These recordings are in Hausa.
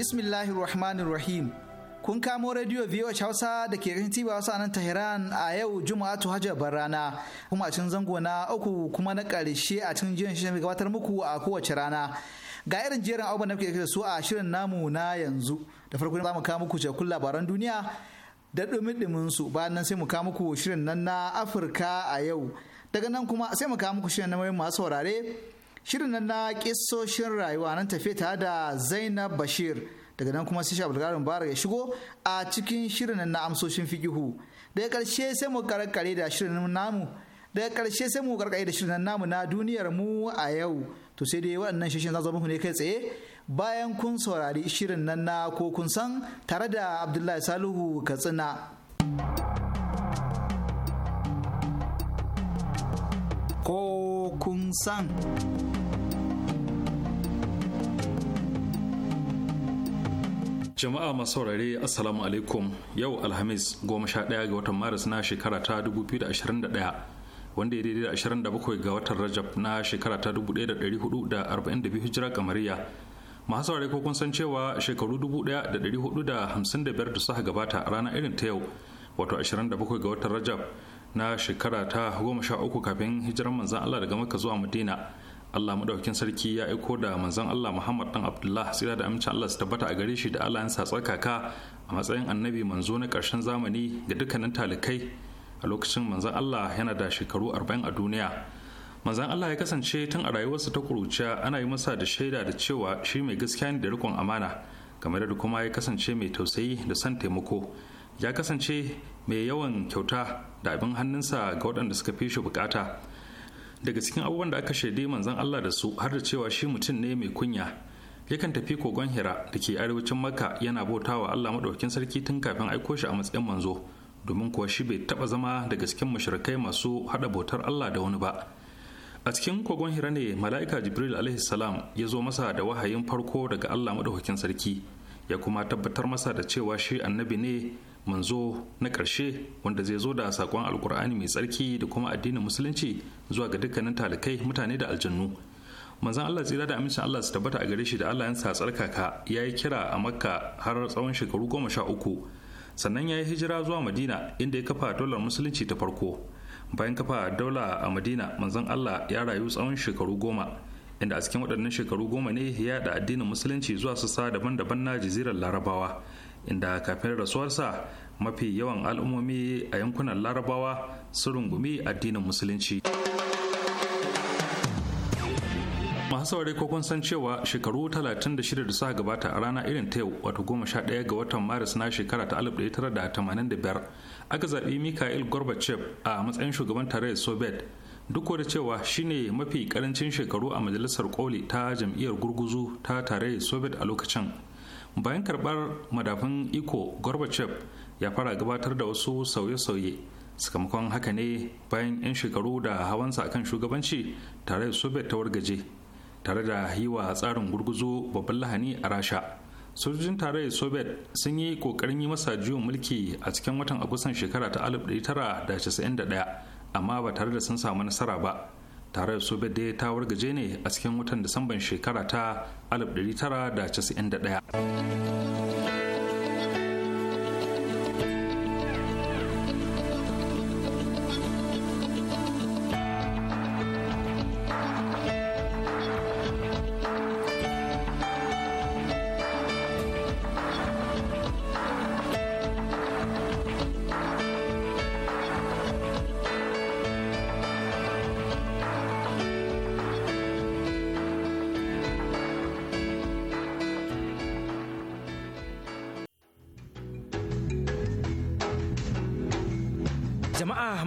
bismillahir rahmanir kun kamo rediyo VOH Hausa da ke kan tiba wasu nan Tehran a yau Juma'a Juma'atu Hajjar rana. kuma a cikin zango na uku kuma na karshe a cikin jiran shi gabatar muku a kowace rana. Ga irin jerin abubuwan da kuke da su a shirin namu na yanzu da farko za mu kawo muku cikakkun labaran duniya da dumin su bayan nan sai mu kawo muku shirin nan na Afirka a yau daga nan kuma sai mu kawo muku shirin na masu saurare shirin nan na kisoshin rayuwa nan tafiye tare da zainab bashir daga nan kuma sisha bulgarin bara ya shigo a cikin shirin na amsoshin fikihu daga karshe sai mu karkare da shirin namu daga karshe sai mu karkare da shirin namu na duniyar mu a yau to sai dai waɗannan shirin za muku ne kai tsaye bayan kun saurari shirin nan na ko kun san tare da abdullahi salihu katsina ko kun san jama'a masu saurare assalamu alaikum yau alhamis goma sha ɗaya ga watan maris na shekara ta 2021 wanda ya daidai da 27 ga watan rajab na shekara ta 1442 hijira kamariya masu saurare ko kun san cewa shekaru 1455 da suka gabata a ranar irin ta yau wato 27 ga watan rajab na shekara ta goma sha uku kafin hijirar manzan Allah daga maka zuwa Madina Allah madaukin sarki ya aiko da Manzan Allah Muhammad dan Abdullah sira da amincin Allah su tabbata a gare shi da Allah yansa kaka a matsayin annabi manzo na ƙarshen zamani ga dukkanin talikai a lokacin Manzan Allah yana da shekaru arba'in a duniya Manzan Allah ya kasance tun a rayuwarsa ta kuruciya ana yi masa da shaida da cewa shi mai gaskiya ne da rikon amana game da kuma ya kasance mai tausayi da son taimako ya kasance mai yawan kyauta da abin hannunsa ga waɗanda suka fi shi bukata daga cikin abubuwan da aka shaidi manzon Allah da su har da cewa shi mutum ne mai kunya yakan tafi kogon hira da ke arewacin makka yana bautawa Allah maɗaukin sarki tun kafin aiko shi a matsayin manzo domin kuwa shi bai taɓa zama daga cikin mashirkai masu haɗa bautar Allah da wani ba a cikin kogon hira ne mala'ika jibril alaihi salam ya zo masa da wahayin farko daga Allah maɗaukakin sarki ya kuma tabbatar masa da cewa shi annabi ne manzo na ƙarshe wanda zai zo da sakon alkur'ani mai tsarki da kuma addinin musulunci zuwa ga dukkanin talikai mutane da aljannu manzon Allah tsira da amincin Allah su tabbata a gare shi da Allah yansa tsarkaka ya yi kira a makka har tsawon shekaru goma sha uku sannan ya yi hijira zuwa madina inda ya kafa daular musulunci ta farko bayan kafa daula a madina manzon Allah ya rayu tsawon shekaru goma inda a cikin waɗannan shekaru goma ne ya da addinin musulunci zuwa sassa daban-daban na jazirar larabawa inda kafin rasuwarsa mafi yawan al'ummomi a yankunan larabawa sun rungumi addinin musulunci masu saurari ko kun san cewa shekaru 36 da suka gabata a rana irin ta yau wato 11 ga watan maris na shekara ta 1985 aka zaɓi mikhail gorbachev a matsayin shugaban tarayyar soviet duk da cewa shine mafi karancin shekaru a majalisar koli ta jam'iyyar gurguzu ta tarayyar soviet a lokacin bayan karbar madafin iko gorbachev ya fara gabatar da wasu sauye-sauye sakamakon haka ne bayan 'yan shekaru da hawansa kan shugabanci tare da soviet ta wargaje tare da yi wa tsarin gurguzo babban lahani a rasha sojojin da soviet sun yi kokarin yi masa juyin mulki a cikin watan agustan shekara ta 1991 amma ba tare da sun samu nasara ba tarayyar da dai ta wargaje ne a cikin watan disamban shekara ta 1991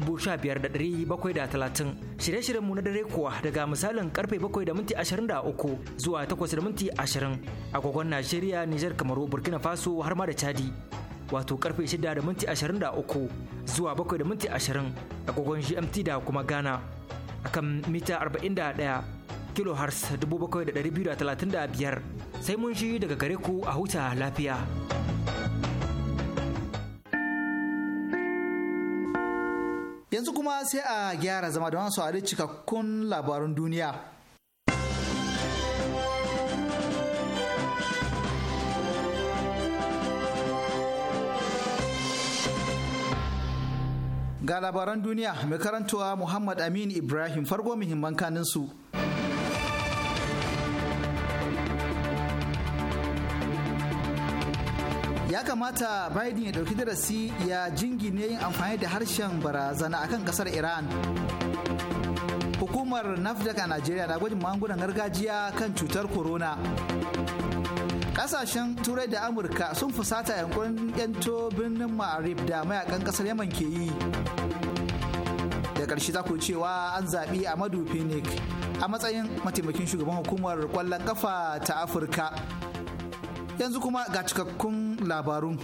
15730. Shirye-shiryen mu na dare kuwa daga misalin karfe 7:23 da minti zuwa 8:20 da minti Najeriya, Nijar, Kamaru, Burkina Faso har ma da Chadi. Wato karfe 6:23 da minti zuwa 7:20 da minti GMT da kuma Ghana. Akan mita 41 da 7235 sai mun shi daga gare ku a huta lafiya. yanzu kuma sai a gyara zama da wasu a cikakkun labarun duniya ga labaran duniya mai karantowa muhammad amin ibrahim farko muhimman kanin su ya kamata biden ya ɗauki darasi ya jingine yin amfani da harshen barazana a kan ƙasar iran hukumar nafdac a najeriya na gwajin magungunan gargajiya kan cutar corona kasashen turai da amurka sun fusata yankun yanto birnin ma'arib da mayakan kasar yaman ke yi da ƙarshe za ku cewa an zaɓi amadu phoenix a matsayin mataimakin shugaban hukumar kwallon ƙafa ta afirka yanzu kuma ga cikakkun labarun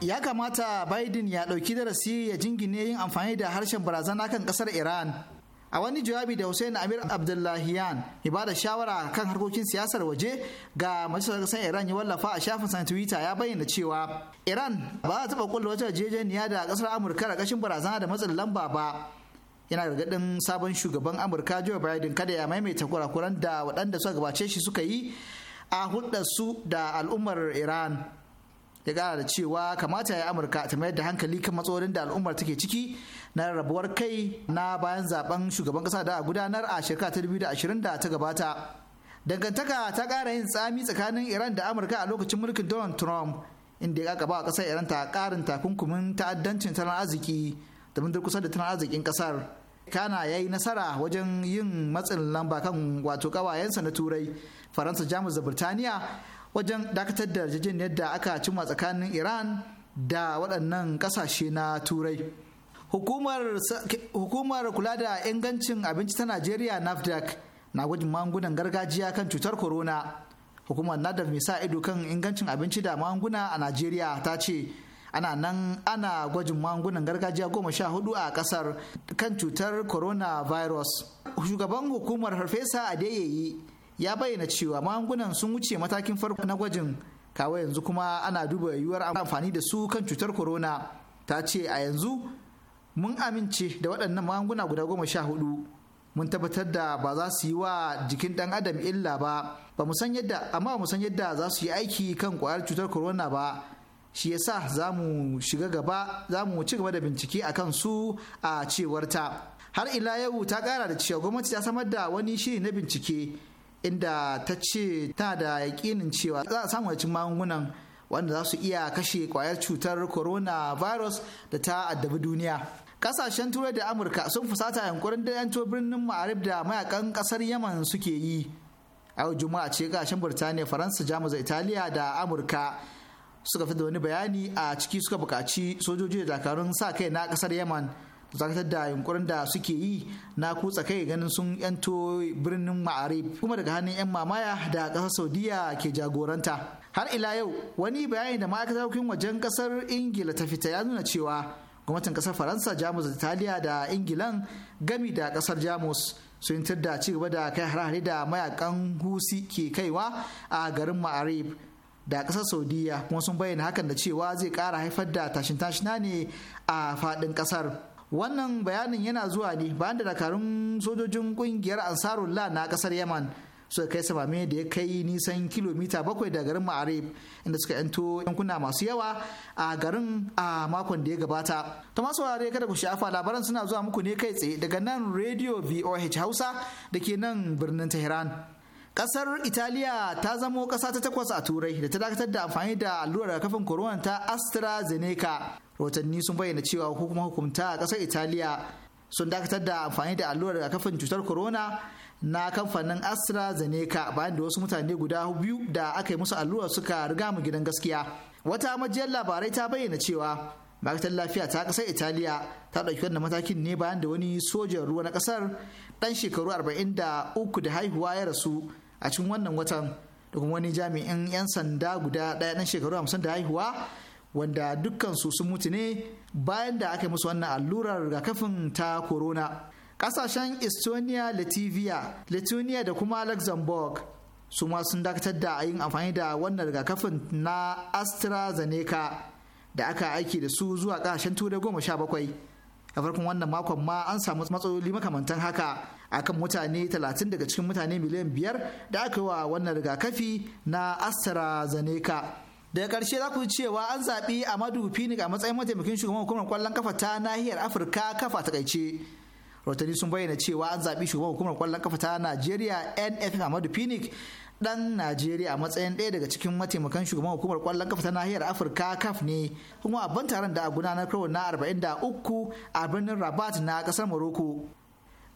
ya kamata biden ya ɗauki darasi ya jingine yin amfani da harshen barazana kan kasar iran a wani jawabi da hussein amir abdullahiyan ya bada da shawara kan harkokin siyasar waje ga majalisar kasar iran ya wallafa a shafin san twitter ya bayyana cewa iran ba za taɓa kulla wata jejeniya da kasar amurka da kashin barazana da matsin lamba ba yana gargadin sabon shugaban amurka joe biden kada ya maimaita kurakuran da waɗanda suka gabace shi suka yi a su da al'ummar iran ya ƙara da cewa kamata ya amurka ta mayar da hankali kan matsalolin da al'ummar take ciki na rabuwar kai na bayan zaben shugaban kasa da a gudanar a shekara ta 2020 da ta gabata dangantaka ta ƙara yin tsami tsakanin iran da amurka a lokacin mulkin donald trump inda ya kaka ba kasar iran ta karin takunkumin ta'addancin tattalin arziki da kusa da tattalin arzikin ƙasar kana ya yi nasara wajen yin matsin lamba kan wato kawayensa na turai faransa jamus da birtaniya wajen dakatar da jijin yadda aka cimma tsakanin iran da waɗannan ƙasashe na turai hukumar kula da ingancin abinci ta najeriya nafdac na gwajin magungunan gargajiya kan cutar corona hukumar nafdac mai sa ido kan ingancin abinci da magunguna a najeriya ta ce ana nan ana gwajin magungunan gargajiya goma sha hudu a kasar kan cutar coronavirus shugaban hukumar farfesa adeyeyi ya bayyana cewa magungunan sun wuce matakin farko na gwajin kawai yanzu kuma ana duba yiwuwar amfani da su kan cutar corona ta ce a yanzu mun amince da waɗannan magunguna guda goma sha hudu mun tabbatar da ba za su yi wa jikin ɗan adam illa ba ba mu san yadda amma ba mu san yadda za su yi aiki kan kwayar cutar corona ba shi yasa za mu shiga gaba za mu ci gaba da bincike a kan su a cewarta har ila yau ta kara da cewa gwamnati ta samar da wani shiri na bincike inda ta ce tana da yakinin cewa za a samu cin magungunan wanda za su iya kashe kwayar cutar coronavirus da ta addabi duniya kasashen turai da amurka sun fusata yankurin da yanto birnin ma'arib da mayakan kasar yaman suke yi a yau juma'a ce kasashen birtaniya faransa jamus italiya da amurka suka fi da wani bayani a ciki suka buƙaci sojoji da dakarun sa kai na ƙasar yaman zakatar da yunkurin da suke yi na kutsa kai ganin sun yanto birnin ma'arib kuma daga hannun 'yan mamaya da ƙasar saudiya ke jagoranta har ila yau wani bayani da ma'aikatar hukumar wajen ƙasar ingila ta fita ya nuna cewa gwamnatin ƙasar faransa jamus da italiya da ingilan gami da ƙasar jamus sun tar da ci gaba da kai hare-hare da mayakan husi ke kaiwa a garin ma'arib da kasar saudiya kuma sun bayyana hakan da cewa zai kara haifar da tashin tashina ne a fadin kasar wannan bayanin yana zuwa ne bayan da dakarun sojojin kungiyar ansarullah na kasar yaman suka kai samame da ya kai nisan kilomita bakwai da garin ma'arib inda suka yanto yankuna masu yawa a garin a makon da ya gabata ta masu wurare kada ku shafa labaran suna zuwa muku ne kai tsaye daga nan radio voh hausa da ke nan birnin tehran Kasar Italiya ta zamo kasa ta takwas a Turai da ta dakatar da amfani da allurar kafin koronan ta AstraZeneca. Rahotanni sun bayyana cewa hukumar hukumta a kasar Italiya sun dakatar da amfani da allurar kafin cutar korona na kamfanin AstraZeneca bayan da wasu mutane guda biyu da aka yi musu allurar suka riga mu gidan gaskiya. Wata majiyar labarai ta bayyana cewa ma'aikatar lafiya ta kasar Italiya ta ɗauki wannan matakin ne bayan da wani sojan ruwa na kasar ɗan shekaru arba'in da uku da haihuwa ya rasu a cikin wannan watan da wani jami'in 'yan sanda guda ɗaya ɗan shekaru hamsin da haihuwa wanda dukkansu sun mutu ne bayan da aka yi musu wannan allurar rigakafin ta corona ƙasashen estonia latvia lithuania da kuma luxembourg su ma sun dakatar da yin amfani da wannan rigakafin na astrazeneca da aka aiki da su zuwa ƙasashen turai goma sha bakwai a farkon wannan makon ma an samu matsaloli makamantan haka akan mutane 30 daga cikin mutane miliyan biyar da aka yi wa wannan rigakafi na AstraZeneca. daga ƙarshe za ku ji cewa an zaɓi amadu phoenix a matsayin mataimakin shugaban hukumar kwallon kafa ta nahiyar afirka kafa takaice rotani sun bayyana cewa an zaɓi shugaban hukumar kwallon kafa ta najeriya nf amadu phoenix dan najeriya a matsayin ɗaya daga cikin mataimakan shugaban hukumar kwallon kafa ta nahiyar afirka Kaf ne kuma abin taron da a gudanar karo na 43 a birnin rabat na ƙasar morocco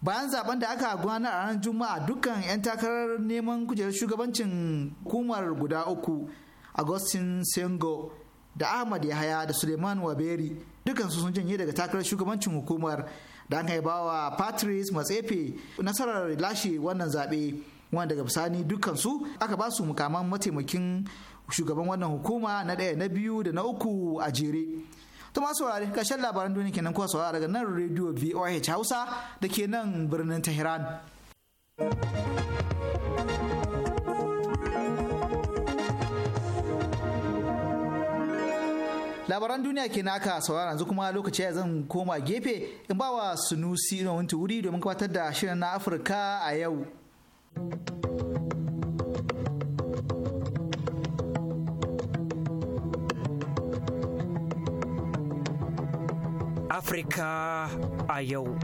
bayan zaben da aka gudana a ranar juma'a dukkan 'yan takarar neman kujerar shugabancin hukumar guda uku agustin sengo da ahmad yahaya da suleiman waberi dukansu sun janye daga takarar shugabancin hukumar da an haiba bawa patrice matsefe nasarar lashe wannan zaɓe wanda daga bisani dukansu aka ba su mukaman mataimakin shugaban wannan hukuma na ɗaya na biyu da na uku a jere to masu saurare kashin labaran duniya kenan kuwa saurara daga nan rediyo voh hausa da ke nan birnin tehran labaran duniya ke naka saurara yanzu kuma lokaci ya zan koma gefe in ba wa sunusi na wuri domin gabatar da shirin na afirka a yau Afirka a yau.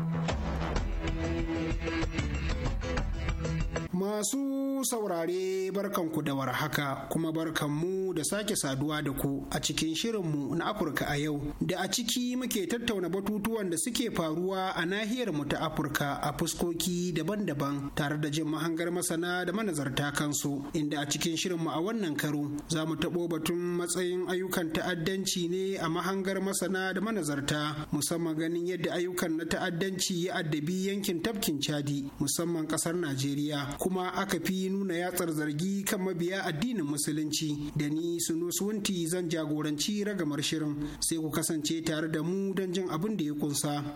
Masu saurare barkanku da warhaka kuma barkanmu da sake saduwa da ku a cikin shirinmu na Afirka a yau da a ciki muke tattauna batutuwan da suke faruwa a nahiyar mu ta Afirka a fuskoki daban-daban tare da jin mahangar masana da manazarta kansu inda a cikin shirinmu a wannan karo za mu taɓo batun matsayin ayyukan ta'addanci ne a mahangar masana da manazarta musamman ganin yadda ayyukan na ta'addanci ya addabi yankin tafkin Chadi musamman ƙasar Najeriya kuma aka fi nuna yatsar zargi kan mabiya addinin musulunci da ni suno suwanti zan jagoranci ragamar shirin sai ku kasance tare da mu don jin abin da ya kunsa.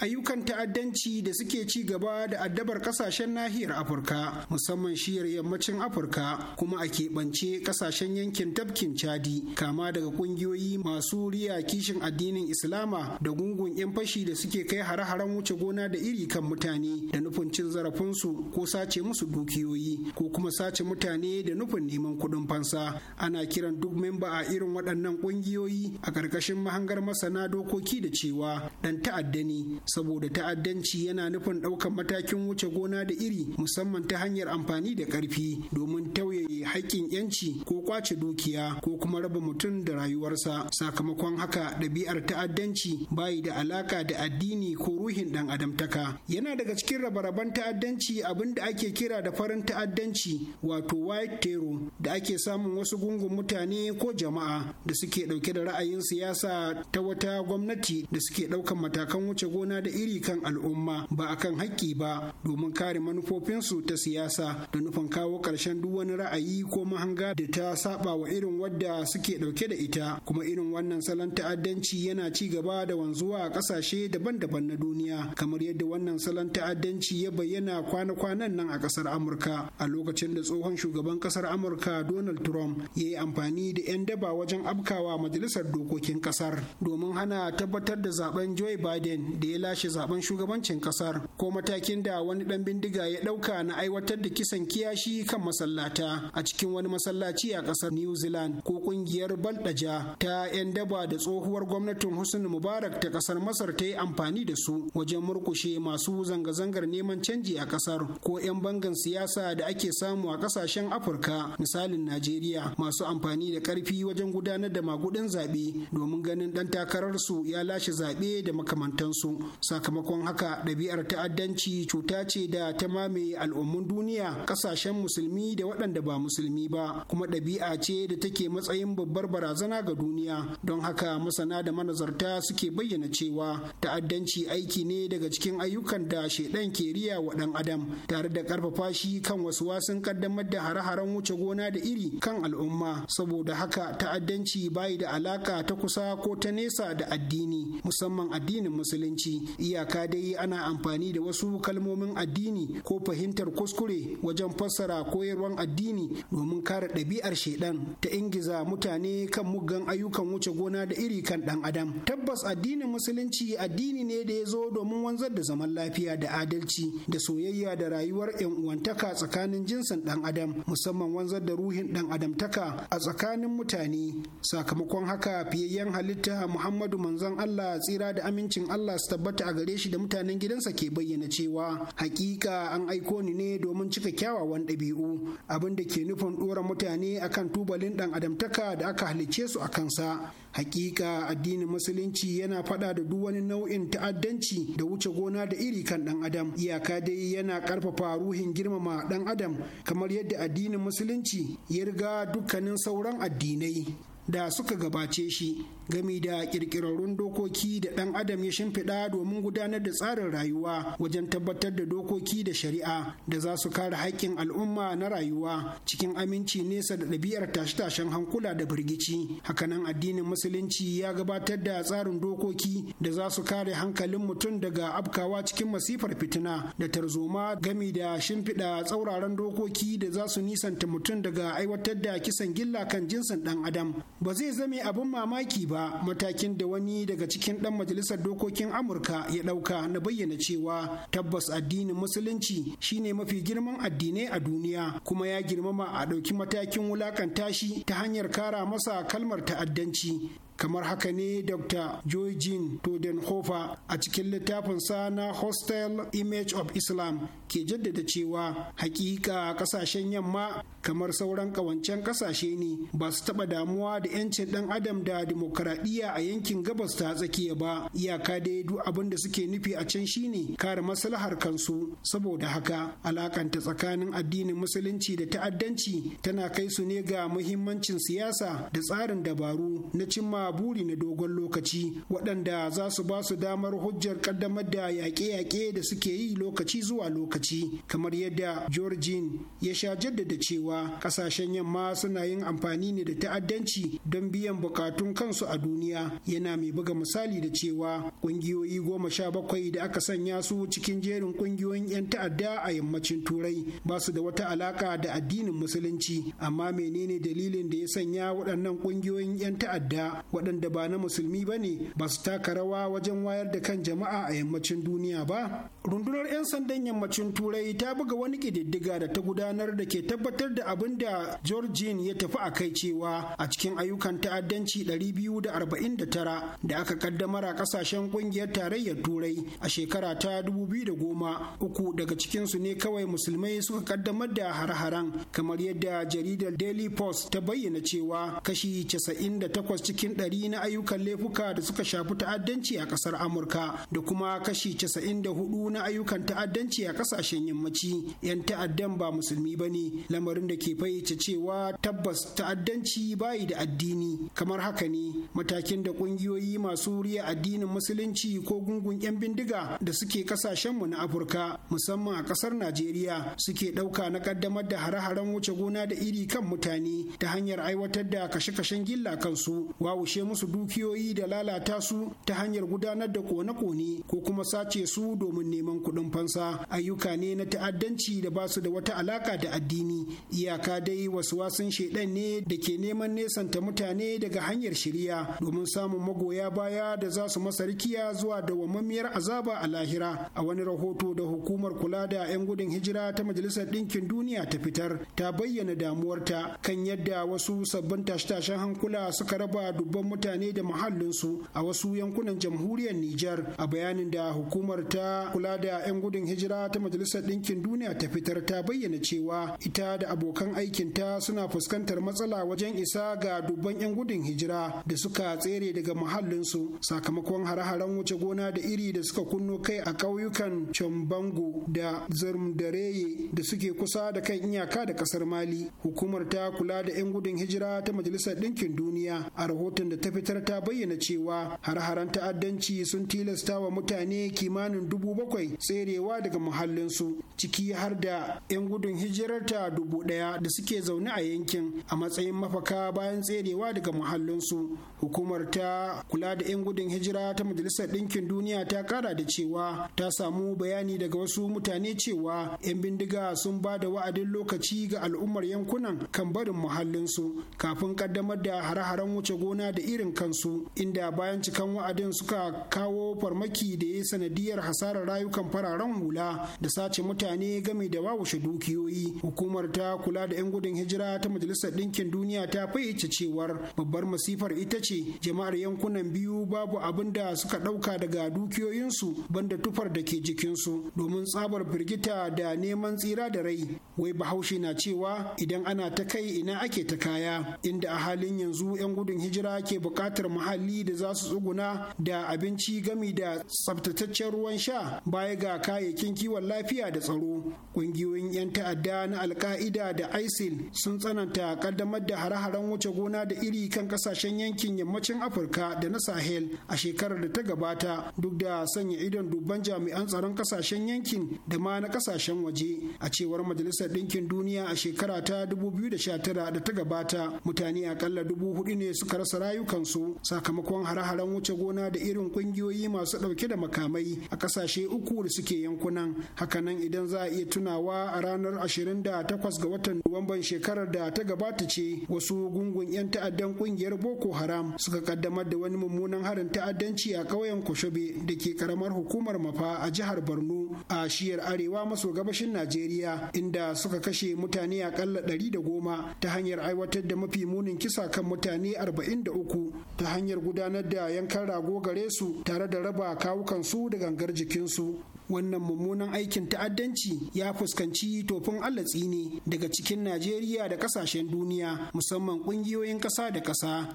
ayyukan ta'addanci da suke ci gaba da addabar kasashen nahiyar afirka musamman shiyar yammacin afirka kuma a keɓance kasashen yankin tafkin chadi kama daga ƙungiyoyi masu riya kishin addinin islama da gungun 'yan fashi da suke kai hare-haren wuce gona da iri kan mutane da nufin cin zarafinsu ko sace musu dukiyoyi ko kuma sace mutane da nufin neman kuɗin fansa ana kiran duk memba a irin waɗannan ƙungiyoyi a ƙarƙashin mahangar masana dokoki da cewa ɗan ta'adda ne saboda ta'addanci yana nufin ɗaukar matakin wuce gona da iri musamman ta hanyar amfani da ƙarfi domin tauye haƙƙin 'yanci ko kwace dukiya ko kuma raba mutum da rayuwarsa sakamakon haka ɗabi'ar ta'addanci bayi da alaƙa da addini ko ruhin ɗan adamtaka yana daga cikin rabe-raben ta'addanci abin da ake kira da farin ta'addanci wato white terror da ake samun wasu gungun mutane ko jama'a da suke ɗauke da ra'ayin siyasa ta wata gwamnati da suke ɗaukan matakan wuce gona gona da iri kan al'umma ba a kan haƙƙi ba domin kare manufofinsu ta siyasa da nufin kawo ƙarshen duk wani ra'ayi ko mahanga da ta saba wa irin wadda suke ɗauke da ita kuma irin wannan salon ta'addanci yana ci gaba da wanzuwa a ƙasashe daban-daban na duniya kamar yadda wannan salon ta'addanci ya bayyana kwana-kwanan nan a ƙasar Amurka a lokacin da tsohon shugaban ƙasar Amurka Donald Trump ya yi amfani da 'yan daba wajen abkawa majalisar dokokin ƙasar domin hana tabbatar da zaben Joe Biden da ya lashe zaben shugabancin kasar ko matakin da wani dan bindiga ya dauka na aiwatar da kisan kiyashi kan masallata a cikin wani masallaci a kasar New Zealand ko kungiyar Baldaja ta 'yan daba da tsohuwar gwamnatin Husni Mubarak ta kasar Masar ta yi amfani da su wajen murkushe masu zanga-zangar neman canji a kasar ko 'yan bangan siyasa da ake samu a kasashen Afirka misalin Najeriya masu amfani da karfi wajen gudanar da magudin zaɓe domin ganin dan takararsu ya lashe zaɓe da makamantansu sakamakon haka ɗabi'ar ta'addanci cuta ce da ta mamaye al'ummun duniya ƙasashen musulmi da waɗanda ba musulmi ba kuma ɗabi'a ce da take matsayin babbar barazana ga duniya don haka masana da manazarta suke bayyana cewa ta'addanci aiki ne daga cikin ayyukan da shaidan ke riya wa ɗan adam tare da ƙarfafa shi kan wasu wasan ƙaddamar da hare-haren wuce gona da iri kan al'umma saboda haka ta'addanci bayi da alaka ta kusa ko ta nesa da addini musamman addinin musulunci iyaka dai ana amfani da wasu kalmomin addini ko fahimtar kuskure wajen fassara koyarwan addini domin kare ɗabi'ar shaidan ta ingiza mutane kan muggan ayyukan wuce gona da iri kan ɗan adam tabbas addinin musulunci addini ne da ya zo domin wanzar da zaman lafiya da adalci da soyayya da rayuwar 'yan uwantaka tsakanin jinsin ɗan adam musamman wanzar da ruhin ɗan adamtaka a tsakanin mutane sakamakon haka fiyayyen halitta muhammadu manzon allah tsira da amincin allah su tabbata tabbata a gare shi da mutanen gidansa ke bayyana cewa hakika an aiko ni ne domin cika kyawawan ɗabi'u abin da ke nufin ɗora mutane akan tubalin ɗan adamtaka da aka halicce su a kansa hakika addinin musulunci yana faɗa da duk wani nau'in ta'addanci da wuce gona da iri kan ɗan adam iyaka dai yana ƙarfafa ruhin girmama ɗan adam kamar yadda addinin musulunci ya riga dukkanin sauran addinai da suka gabace shi gami da kirkirarrun dokoki da ɗan adam ya shimfiɗa domin gudanar da tsarin rayuwa wajen tabbatar da dokoki da shari'a da za su kare haƙƙin al'umma na rayuwa cikin aminci nesa da ɗabi'ar tashe-tashen hankula da birgici hakanan addinin musulunci ya gabatar da tsarin dokoki da za su kare hankalin mutum daga abkawa cikin masifar fitina da tarzoma gami da shimfiɗa tsauraran dokoki da za su nisanta mutum daga aiwatar da kisan gilla kan jinsin ɗan adam ba zai zame abin mamaki ba ba matakin da wani daga cikin ɗan majalisar dokokin Amurka ya ɗauka na bayyana cewa tabbas addinin musulunci shine mafi girman addinai a duniya kuma ya girmama a ɗauki matakin wulakanta shi ta hanyar kara masa kalmar ta'addanci kamar haka ne dr georgine todenhofer a cikin littafinsa na hostel image of islam ke jaddada cewa hakika kasashen yamma kamar sauran kawancen kasashe ne ba su taba damuwa da 'yancin dan adam da dimokuraɗiyya a yankin gabas ta tsakiya ba iyaka dai duk abin da suke nufi a can shine kare maslahar kansu saboda haka alakanta tsakanin addinin musulunci da ta'addanci tana kai su ne ga muhimmancin siyasa da tsarin dabaru na cimma a buri na dogon lokaci waɗanda za su ba su damar hujjar ƙaddamar da yaƙe-yaƙe da suke yi lokaci zuwa lokaci kamar yadda georgin ya sha jaddada cewa ƙasashen yamma suna yin amfani ne da ta'addanci don biyan buƙatun kansu a duniya yana mai buga misali da cewa ƙungiyoyi goma sha bakwai da aka sanya su cikin jerin ƙungiyoyin 'yan ta'adda a yammacin turai ba su da wata alaƙa da addinin musulunci amma menene dalilin da ya sanya waɗannan ƙungiyoyin 'yan ta'adda waɗanda ba na musulmi ba ne ba su taka rawa wajen wayar da kan jama'a a yammacin duniya ba rundunar 'yan sandan yammacin turai ta buga wani ƙididdiga da ta gudanar da ke tabbatar da abin da georgine ya tafi a kai cewa a cikin ayyukan ta'addanci 249 da aka kaddamar a ƙasashen ƙungiyar tarayyar turai a shekara ta dubu biyu da goma uku daga cikinsu ne kawai musulmai suka kaddamar da har-haren kamar yadda jaridar daily post ta bayyana cewa kashi 98 cikin gari na ayyukan laifuka da suka shafi ta'addanci a ƙasar Amurka da kuma kashi casa'in da na ayyukan ta'addanci a ƙasashen yammaci 'yan ta'addan ba musulmi ba ne lamarin da ke fayyace cewa tabbas ta'addanci bayi da addini kamar haka ne matakin da ƙungiyoyi masu riya addinin musulunci ko gungun 'yan bindiga da suke ƙasashenmu na Afirka musamman a ƙasar Najeriya suke ɗauka na ƙaddamar da hare-haren wuce gona da iri kan mutane ta hanyar aiwatar da kashe-kashen gilla kansu wawu kwakushe musu dukiyoyi da lalata su ta hanyar gudanar da kone-kone ko kuma sace su domin neman kuɗin fansa ayyuka ne na ta'addanci da ba su da wata alaka da addini iyaka dai wasu wasan shaidan ne da ke neman nesanta mutane daga hanyar shirya. domin samun magoya baya da za su masa rikiya zuwa da dawwammamiyar azaba a lahira a wani rahoto da hukumar kula da 'yan gudun hijira ta majalisar ɗinkin duniya ta fitar ta bayyana damuwarta kan yadda wasu sabbin tashe-tashen hankula suka raba dubban ɗimbin mutane da muhallinsu a wasu yankunan jamhuriyar Nijar a bayanin da hukumar ta kula da 'yan gudun hijira ta Majalisar Ɗinkin Duniya ta fitar ta bayyana cewa ita da abokan aikinta suna fuskantar matsala wajen isa ga dubban 'yan gudun hijira da suka tsere daga muhallinsu sakamakon hare-haren wuce gona da iri da suka kunno kai a ƙauyukan Chombango da Zarmdareye da suke kusa da kan iyaka da ƙasar Mali. Hukumar ta kula da 'yan gudun hijira ta Majalisar Ɗinkin Duniya a rahoton da ta fitar ta bayyana cewa har-haren ta'addanci sun tilasta wa mutane kimanin dubu bakwai tserewa daga muhallinsu ciki har da 'yan gudun hijirarta dubu ɗaya da suke zaune a yankin a matsayin mafaka bayan tserewa daga muhallinsu hukumar ta kula da 'yan gudun hijira ta majalisar ɗinkin duniya ta kara da cewa ta samu bayani daga wasu mutane cewa 'yan bindiga sun ba da wa'adin lokaci ga al'ummar yankunan kan barin muhallinsu kafin kaddamar da hare-haren wuce gona da irin kansu inda bayan cikan wa'adin suka kawo farmaki da ya sanadiyar hasarar rayukan fararen hula da sace mutane game da wawushe dukiyoyi hukumar ta kula da 'yan gudun hijira ta majalisar ɗinkin duniya ta fayyace cewar babbar masifar ita ce jama'ar yankunan biyu babu abin da suka ɗauka daga dukiyoyinsu banda tufar da ke jikinsu domin tsabar birgita da neman tsira da rai wai bahaushe na cewa idan ana ta kai ina ake ta kaya inda a halin yanzu 'yan gudun hijira ke buƙatar muhalli da za su tsuguna da abinci gami da tsabtataccen ruwan sha baya ga kayayyakin kiwon lafiya da tsaro ƙungiyoyin 'yan ta'adda na alka'ida da isil sun tsananta kaddamar da hare-haren wuce gona da iri kan kasashen yankin yammacin afirka da na sahel a shekarar da ta gabata duk da sanya idon dubban jami'an tsaron kasashen yankin da ma na kasashen waje a cewar majalisar ɗinkin duniya a shekara ta 2019 da ta gabata mutane akalla dubu hudu ne suka rasa rayuwa ayyukansu sakamakon hare-haren wuce gona da irin kungiyoyi masu ɗauke da makamai a ƙasashe uku da suke yankunan hakanan idan za a iya tunawa a ranar 28 ga watan nuwamban shekarar da ta gabata ce wasu gungun 'yan ta'addan ƙungiyar boko haram suka kaddamar da wani mummunan harin ta'addanci a ƙauyen koshobe da ke karamar hukumar mafa a jihar borno a shiyar arewa maso gabashin najeriya inda suka kashe mutane akalla goma ta hanyar aiwatar da mafi munin kisa kan mutane arba'in da uku. uku ta hanyar gudanar da yankan rago gare su tare da raba kawukan su da gangar jikinsu wannan mummunan aikin ta'addanci ya fuskanci tofin allah ne daga cikin najeriya da kasashen duniya musamman kungiyoyin kasa da kasa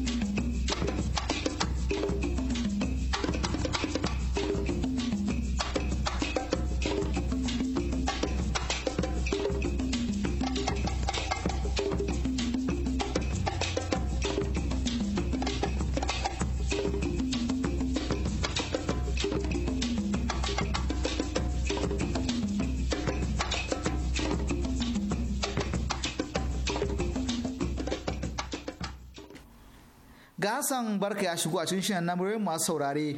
Hassan Barka ya shigo a cikin shirin na masu saurare.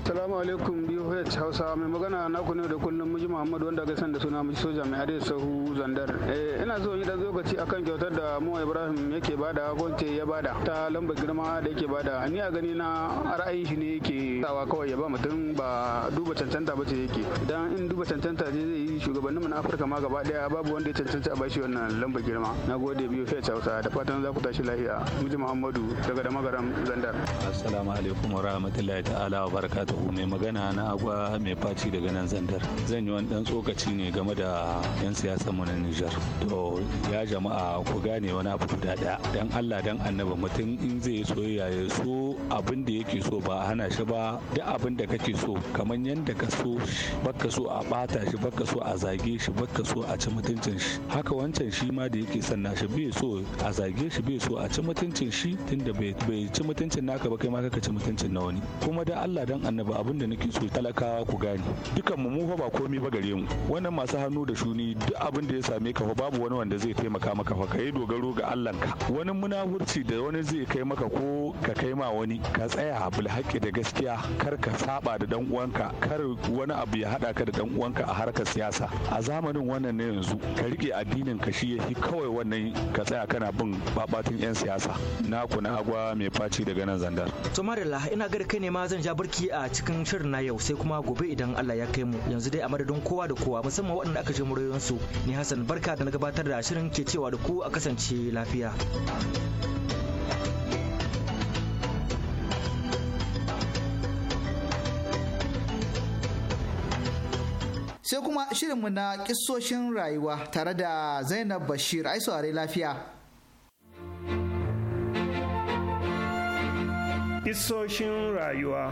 Assalamu alaikum biyu BOH Hausa mai magana na ku ne da kullum muji Muhammadu wanda ga san da suna muji soja mai adai sahu zandar. Eh, ina so yi dan lokaci akan kyautar da mu Ibrahim yake bada ko ce ya bada ta lambar girma da yake bada. Ni a gani na ra'ayin shi ne yake sawa kawai ya ba mutum ba duba cancanta ba ce yake. Idan in duba cancanta je zai yi shugabannin mu na Afirka ma gaba daya babu wanda ya cancanta a bashi wannan lambar girma. Na gode Nagode BOH Hausa da fatan za ku tashi lafiya. Muji Muhammadu daga da magaram zandar. Assalamu alaikum wa rahmatullahi ta'ala wa barakatuh. mai magana na agwa mai faci daga nan zandar zan yi wani dan tsokaci ne game da yan siyasar mu na Nijar to ya jama'a ku gane wani abu guda daya dan Allah dan annaba mutum in zai yi soyayya ya so abin da yake so ba hana shi ba duk abin da kake so kamar yadda ka so baka so a bata shi baka so a zage shi baka so a ci mutuncin shi haka wancan shi ma da yake sanna shi bai so a zage shi bai so a ci mutuncin shi tunda bai ci mutuncin naka ba kai ma kaka ci mutuncin na wani kuma da Allah dan annaba ba abin da nake so talakawa ku gane dukan mu mu fa ba komai ba gare mu wannan masu hannu da shuni duk abin da ya same ka fa babu wani wanda zai taimaka maka fa kai dogaro ga Allah ka wani munafurci da wani zai kai maka ko ka kai ma wani ka tsaya bil haƙƙi da gaskiya kar ka saba da dan uwanka kar wani abu ya hada ka da dan uwanka a harkar siyasa a zamanin wannan na yanzu ka rike addinin ka shi yafi kawai wannan ka tsaya kana bin babatun yan siyasa na na agwa mai faci daga nan zandar to marilla ina ga kai ne ma zan ja burki a cikin shirin na yau sai kuma gobe idan Allah ya kai mu yanzu dai a madadin kowa da kowa musamman waɗanda aka je su ni Hassan barka da na gabatar da shirin ke cewa da ku a kasance lafiya. sai kuma shirin mu na kisoshin rayuwa tare da zainab bashir ai saurari lafiya kisoshin rayuwa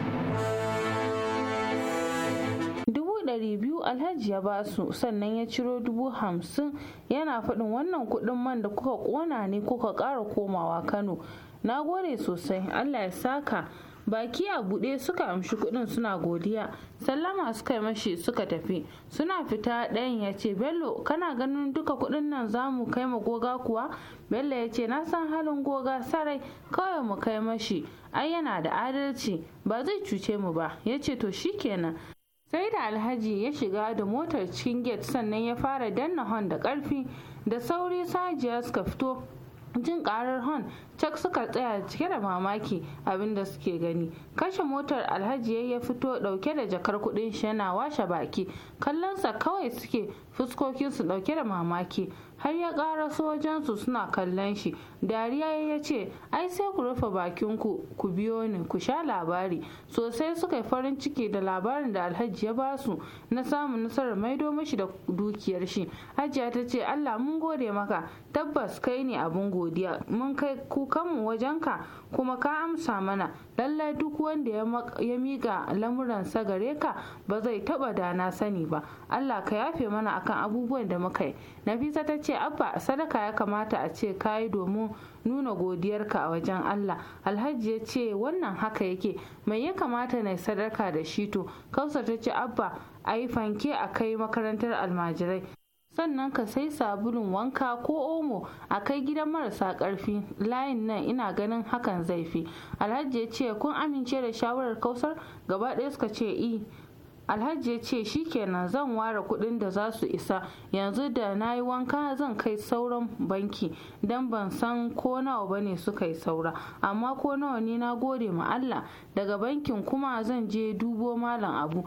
ɗari biyu alhaji ya basu sannan ya ciro dubu hamsin yana faɗin wannan kuɗin man da kuka ƙona ne kuka ƙara komawa kano na gode sosai allah ya saka baki a buɗe suka amshi kuɗin suna godiya sallama suka yi mashi suka tafi suna fita ɗayan ya ce bello kana ganin duka kuɗin nan za mu kai ma goga kuwa bello ya ce na san halin goga sarai kawai mu kai mashi ai yana da adalci ba zai cuce mu ba ya ce to kenan. sai da alhaji ya shiga da motar cikin gate sannan ya fara danna hon da karfi da sauri sajiya suka fito jin karar hon cak suka tsaya cike da mamaki abinda suke gani kashe motar alhaji ya fito dauke da jakar kudin shi yana washe baki kallonsa kawai suke fuskokinsu dauke da mamaki har ya ƙara sojansu suna kallon shi dariya ya ce ai sai ku rufe bakin ku ku biyo ni ku sha labari sosai suka yi farin ciki da labarin da alhaji ya basu na samun nasarar maido mashi da dukiyar shi hajiya ta ce allah mun gode maka tabbas kai ne abin godiya mun kai kukanmu wajenka kuma ka amsa mana lallai duk wanda ya miƙa lamuransa gare ka ba zai taɓa da na sani ba allah ka yafe mana akan abubuwan da muka yi nafisa ta ce abba sadaka ya kamata a ce ka yi domin nuna godiyarka a wajen allah alhaji ya ce wannan haka yake mai ya kamata na sadaka da shi to kausa ta ce abba a yi fanke a kai makarantar almajirai sannan ka sai sabulun wanka ko omo a kai gidan marasa karfi layin nan ina ganin hakan zai fi alhaji ya ce kun amince da shawarar kausar gaba ɗaya suka ce i e. alhaji ya ce shikenan zan ware kudin da za su isa yanzu da na yi wanka zan kai sauran banki don ban san ko nawa ba ne suka yi saura amma ko nawa ne na gode ma Allah daga bankin kuma zan je dubo malam abu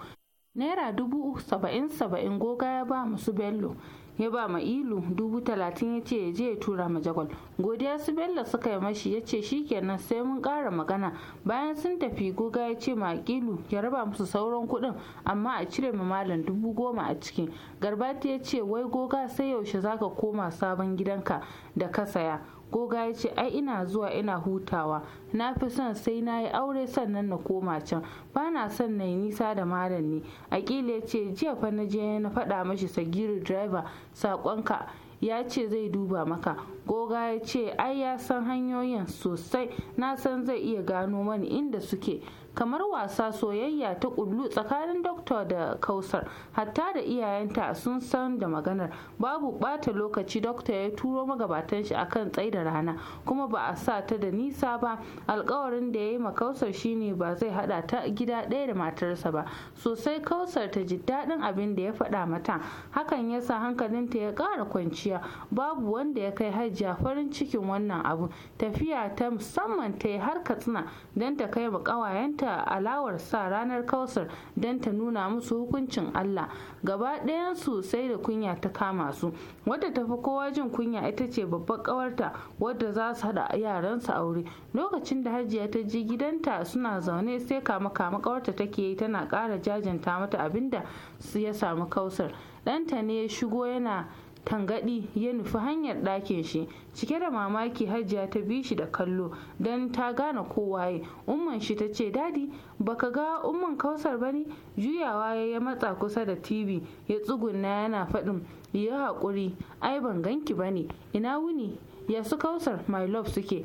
naira dubu saba'in saba'in goga ya ba musu bello ya ba ma ilu dubu talatin ya ce je ya tura ma jagwal godiya su bello suka yi mashi ya ce shikenan sai mun ƙara magana bayan sun tafi goga ya ce ma ilu ya raba musu sauran kuɗin amma a cire ma malam dubu goma a ciki garbati ya ce wai goga sai yaushe zaka koma sabon gidanka da ka saya goga ya ce ai ina zuwa ina hutawa na fi son sai na yi aure sannan na koma can ba na son na yi nisa da malam ne aƙila ya ce jiya fa na je na faɗa mashi sagiru driver saƙonka ya ce zai duba maka goga ya ce ai ya san hanyoyin sosai na san zai iya gano mani inda suke kamar wasa soyayya ta kullu tsakanin doktor da kausar hatta da iyayenta sun san da maganar babu bata lokaci doktor ya turo magabatan shi akan tsai da rana kuma ba a sa ta da nisa ba alkawarin da ya yi ma kausar shine ba zai hada ta gida ɗaya da matarsa ba sosai kausar ta ji daɗin abin da ya faɗa mata hakan ya sa hankalinta ya ƙara kwanciya babu wanda ya kai hajjia farin cikin wannan abu tafiya ta musamman ta yi har katsina don ta kai ma ƙawayenta ta alawar sa ranar kausar don ta nuna musu hukuncin Allah gaba ɗayansu sai da kunya ta kama su wadda ta fi kowa jin kunya ita ce babbar ƙawarta wadda za su haɗa yaransu aure lokacin da hajiya ta ji gidanta suna zaune sai kama kama ƙawarta take yi tana ƙara jajanta mata abinda su ya samu kausar ɗanta ne ya shigo yana tangadi ya nufi hanyar ɗakin shi cike da mamaki hajiya ta bi shi da kallo don ta gane kowaye umman shi ta ce dadi baka ga umman kausar bane juyawa ya matsa kusa da tv ya tsuguna yana faɗin ya haƙuri ai ban ganki bane ina wuni ya su kausar my love suke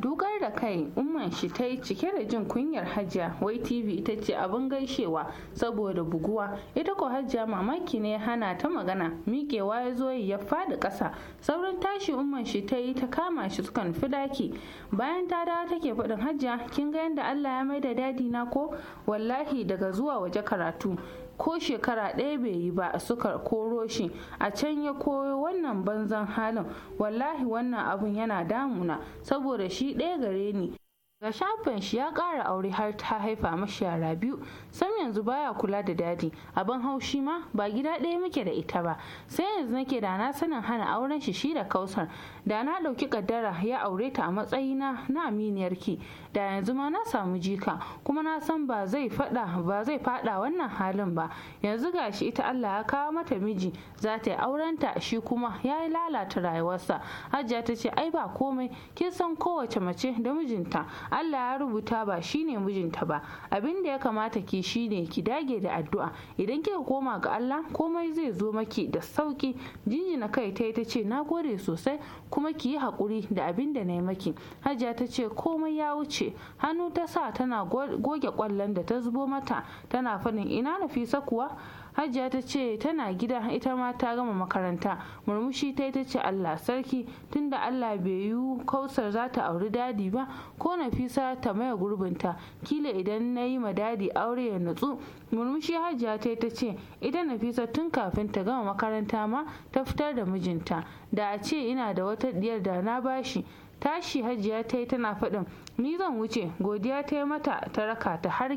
Dukar da kai umman shi ta yi cike da jin kunyar hajiya wai TV ita ce abin gaishewa saboda buguwa ita ko hajiya mamaki ne hana ta magana miƙewa ya zo ya faɗi ƙasa saurin tashi umman shi ta yi ta kama shi sukan fi daki bayan ta dawo take faɗin hajiya kin ga yadda Allah ya maida dadi na ko wallahi daga zuwa waje karatu ko shekara ɗaya bai yi ba suka koro shi a can ya koyo wannan banzan halin wallahi wannan abun yana damuna saboda shi ɗaya gare ni ga shafin shi ya ƙara aure har ta haifa mashi yara biyu sam yanzu baya kula da dadi abin haushi ma ba gida ɗaya muke da ita ba sai yanzu nake da na sanin hana auren shi shi da kausar da na ɗauki kaddara ya aure ta a matsayina na aminiyarki da yanzu ma na samu jika kuma na san ba zai faɗa ba zai faɗa wannan halin ba yanzu gashi ita Allah ya kawo mata miji za ta yi aurenta shi kuma ya yi lalata rayuwarsa Hajja ta ce ai ba komai kin san kowace mace da mijinta Allah ya rubuta ba shine mijinta ba abin da ya kamata ki shine ki dage da addu'a idan kika koma ga Allah komai zai zo maki da sauki jinjina kai ta ta ce na gode sosai kuma ki yi haƙuri da abin da na yi maki hajiya ta ce komai ya wuce hannu ta sa tana goge kwallon da ta zubo mata tana faɗin ina nafisa kuwa hajiya ta ce tana gida ita ma ta gama makaranta murmushi ta ta ce allah sarki tunda allah bai yi kausar za ta auri dadi ba ko nafisa ta maya gurbinta kila idan na yi ma dadi aure ya natsu murmushi hajiya ta ta ce ita nafisa tun kafin ta gama makaranta ma ta fitar da mijinta da a ce ina da wata diyar da na bashi tashi hajiya ta yi tana faɗin ni zan wuce godiya ta yi mata ta raka ta har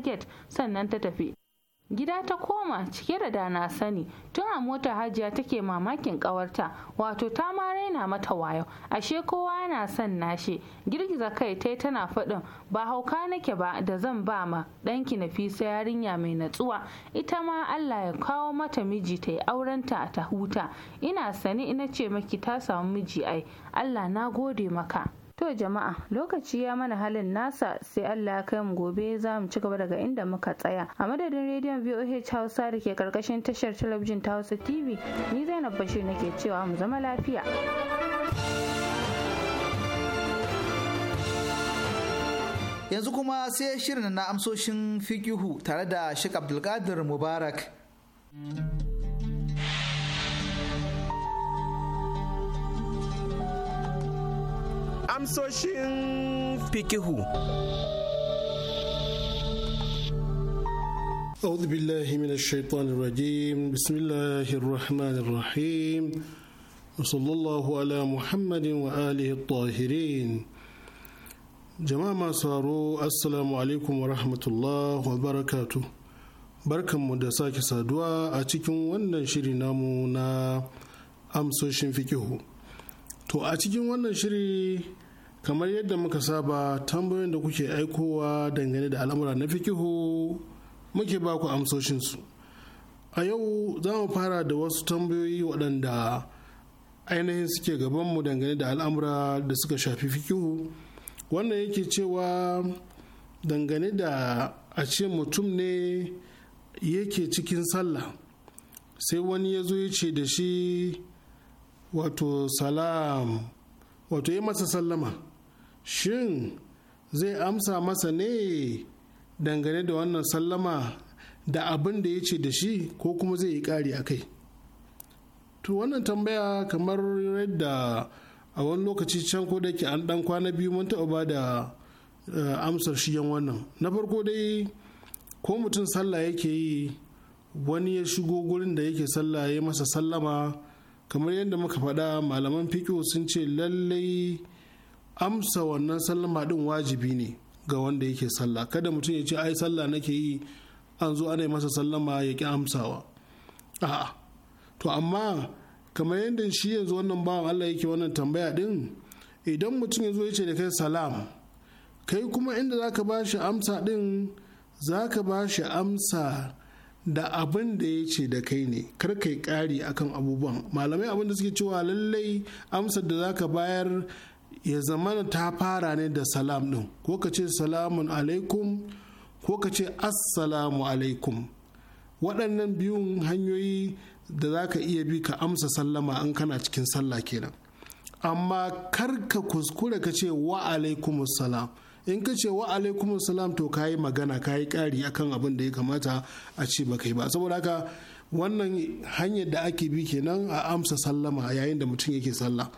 sannan ta tafi gida ta koma cike da dana sani tun a mota hajiya take mamakin kawarta wato ta ma raina mata wayo ashe kowa yana son nashe girgiza kai tai tana faɗin ba hauka nake ba da zan ba ma ɗanki nafisa yarinya mai natsuwa ita ma allah ya kawo mata miji ta yi aurenta ta huta ina sani ina ce maki ta samu miji ai allah na gode maka To jama'a lokaci ya mana halin nasa sai Allah ya kai mu gobe za mu ci gaba daga inda muka tsaya. A madadin rediyon VOH Hausa da ke karkashin tashar talabijin ta Hausa TV ni Zainab Bashir nake cewa mu zama lafiya. Yanzu kuma sai shirin na amsoshin fikihu tare da Sheikh Abdulkadir Mubarak. amsoshin fikihu. Audu billahi mina shaitan rajim, bismillahi rahman rahim, musallallahu ala muhammadin wa alihi tahirin. Jama'a masu haro, assalamu alaikum wa rahmatullah wa barakatu. da sake saduwa a cikin wannan shiri namu na amsoshin fikihu. To a cikin wannan shiri kamar yadda muka saba tambayoyin da kuke aikowa dangane da al'amura na fikihu muke ba ku amsoshinsu a yau za mu fara da wasu tambayoyi waɗanda ainihin suke gabanmu dangane da al'amura da suka shafi fikihu wannan yake cewa dangane da a ce mutum ne yake cikin sallah sai wani ya zo ya ce da shi wato salam wato ya masa sallama shin zai amsa masa ne dangane da wannan sallama da abin da ya ce da shi ko kuma zai yi ƙari a kai to wannan tambaya kamar yadda a wani lokaci can ko da ke an dan kwana biyu mun taɓa ba da eh, amsar shi yan wannan na farko dai ko mutum sallah yake yi wani ya shigo gurin da yake sallah ya masa sallama kamar yadda muka faɗa malaman fiƙo sun ce lallai amsa wannan sallama din wajibi ne ga wanda yake sallah kada mutum ya ce ai sallah nake yi an zo ana masa sallama ya ki amsawa a'a to amma kamar yadda shi yanzu wannan bawan Allah yake wannan tambaya din idan mutum ya zo ya ce da kai salam kai kuma inda zaka ba shi amsa din zaka ba shi amsa da abin da ya ce da kai ne kar kai kari akan abubuwan malamai abin da suke cewa lallai amsar da zaka bayar ya zamana ta fara ne da salam ɗin ko ka ce salamun alaikum ko ka ce assalamu alaikum waɗannan biyun hanyoyi da za ka iya bi ka amsa sallama in kana cikin sallah kenan amma kar ka kuskure ka ce wa alaikum salam in ka ce wa alaikum salam to ka yi magana ka yi ƙari akan abin da ya kamata a ce ba kai ba saboda haka wannan hanyar da ake bi kenan a amsa sallama yayin da mutum yake sallah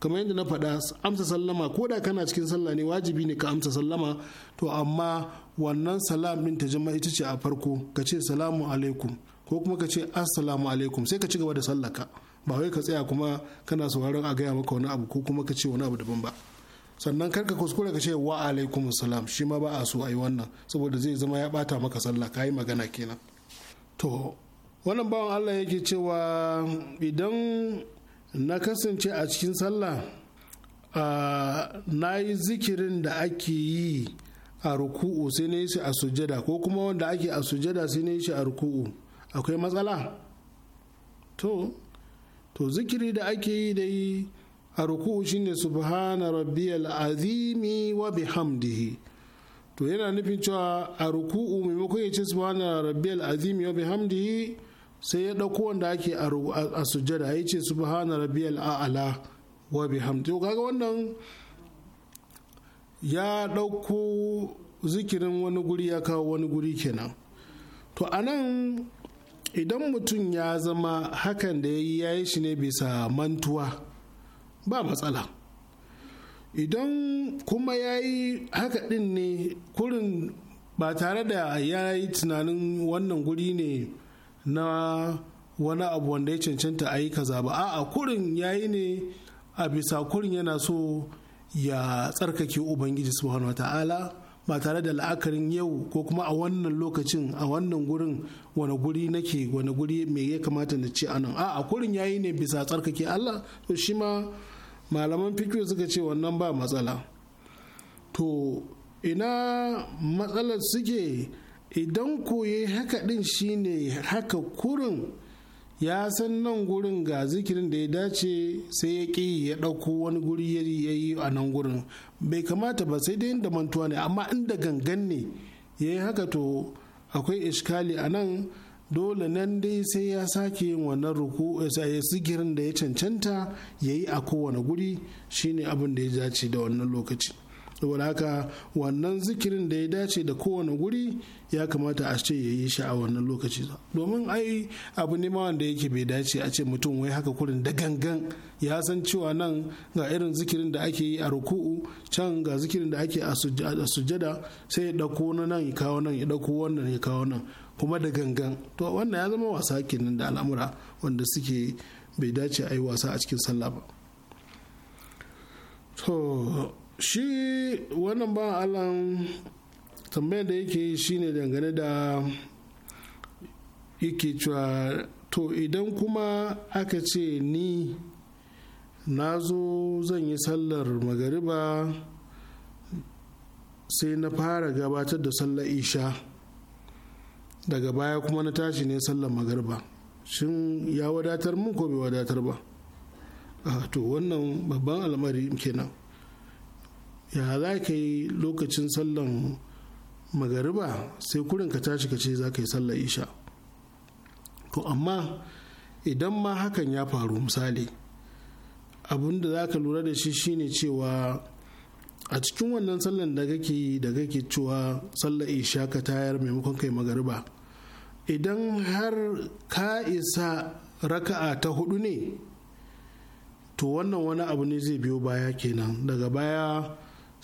kamar yadda na faɗa amsa sallama ko da kana cikin sallah ne wajibi ne ka amsa sallama to amma wannan salam ɗin ta jama ita ce a farko ka ce salamu alaikum ko kuma ka ce assalamu alaikum sai ka ci gaba da sallaka ba wai ka tsaya kuma kana sauraron a gaya maka wani abu ko kuma ka ce wani abu daban ba sannan karka kuskure ka ce wa alaikum salam shi ma ba a so a yi wannan saboda zai zama ya bata maka sallah ka yi magana kenan to wannan bawan Allah yake cewa idan na kasance a cikin sallah na yi zikirin da ake yi a ruku'u sai na yi shi a sujada ko kuma wanda ake a sujada sai na yi shi a ruku'u akwai matsala to to zikiri da ake yi da yi a ruku'u shine subhana rabbiyal azimi wa bihamdihi to yana nufin cewa a ruku'u maimakon ya ce subhana rabbiyal azimi wa bihamdihi sai ya ɗauko wanda ake a sujada ya ce subhana rabbiyal a'ala wa bihamdi kaga wannan ya ɗauko zikirin wani guri ya kawo wani guri kenan to anan idan mutum ya zama hakan da ya yi ya yi shi ne bisa mantuwa ba matsala idan kuma ya yi haka ɗin ne kurin ba tare da ya yi tunanin wannan guri ne na wani abu wanda ya cancanta a yi kaza ba a'a kurin ya yi ne a bisa kurin yana so ya tsarkake ubangiji subhanahu ta'ala ba tare da la'akarin yau ko kuma a wannan lokacin a wannan gurin wani guri nake wani guri me ya kamata na ce anan a a kurin yi ne bisa tsarkake Allah to shi ma malaman fikiyo suka ce wannan ba matsala to ina matsalar suke idan koye haka din shine haka kurin ya san nan gurin ga zikirin da ya dace sai ya ƙi ya ɗauko wani guri ya yi a nan gurin bai kamata ba sai dai da mantuwa ne amma inda gangan ne ya yi haka to akwai iskali a nan dole nan dai sai ya sake yin wannan ruku ya eh, zikirin da ya cancanta ya yi a kowane guri shine abin da ya dace da wannan lokaci saboda haka wannan zikirin da ya dace da kowane guri ya kamata a ce ya yi shi a wannan lokaci domin ai abu ne ma wanda yake bai dace a ce mutum wai haka kurin da gangan ya san cewa nan ga irin zikirin da ake yi a ruku'u can ga zikirin da ake a sujada sai ya ɗauko na nan ya kawo nan ya ɗauko wannan ya kawo nan kuma da gangan to wannan ya zama wasa kenan da al'amura wanda suke bai dace a yi wasa a cikin sallah ba shi wannan ba alan tambayar da yake yi shine dangane da yake cewa to idan kuma aka ce ni na zo zan yi sallar magariba sai na fara gabatar da sallar isha daga baya kuma na tashi ne sallar magariba shin ya wadatar mun ko bai wadatar ba ah, to wannan babban al'amari kenan ya za ka yi lokacin sallan magariba sai kurin ka tashi ka ce za ka yi sallar isha to amma idan ma hakan ya faru misali abin da za ka lura da shi shine cewa a cikin wannan sallan da kake da kake cewa sallar isha ka tayar maimakon kai magariba idan har ka isa raka'a ta hudu ne to wannan wani abu ne zai biyo baya kenan daga baya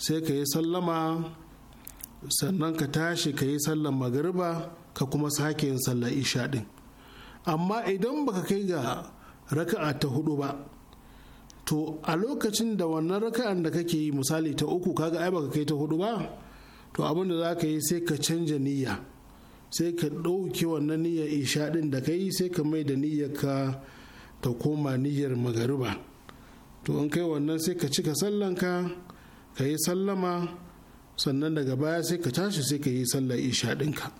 sai ka yi sallama sannan ka tashi ka yi sallan magariba ka kuma sake yin sallar isha din amma idan baka kai ga raka'a ta hudu ba to a lokacin da wannan raka'an da kake yi misali ta uku kaga ai baka kai ta hudu ba to abin da za ka yi sai ka canja niyya sai ka ɗauki wannan niyyar isha din da ka sai ka mai da niyyar ka ta koma niyyar magariba to in kai wannan sai ka cika sallanka ka yi sallama sannan daga baya sai ka tashi sai ka yi sallar isha ɗinka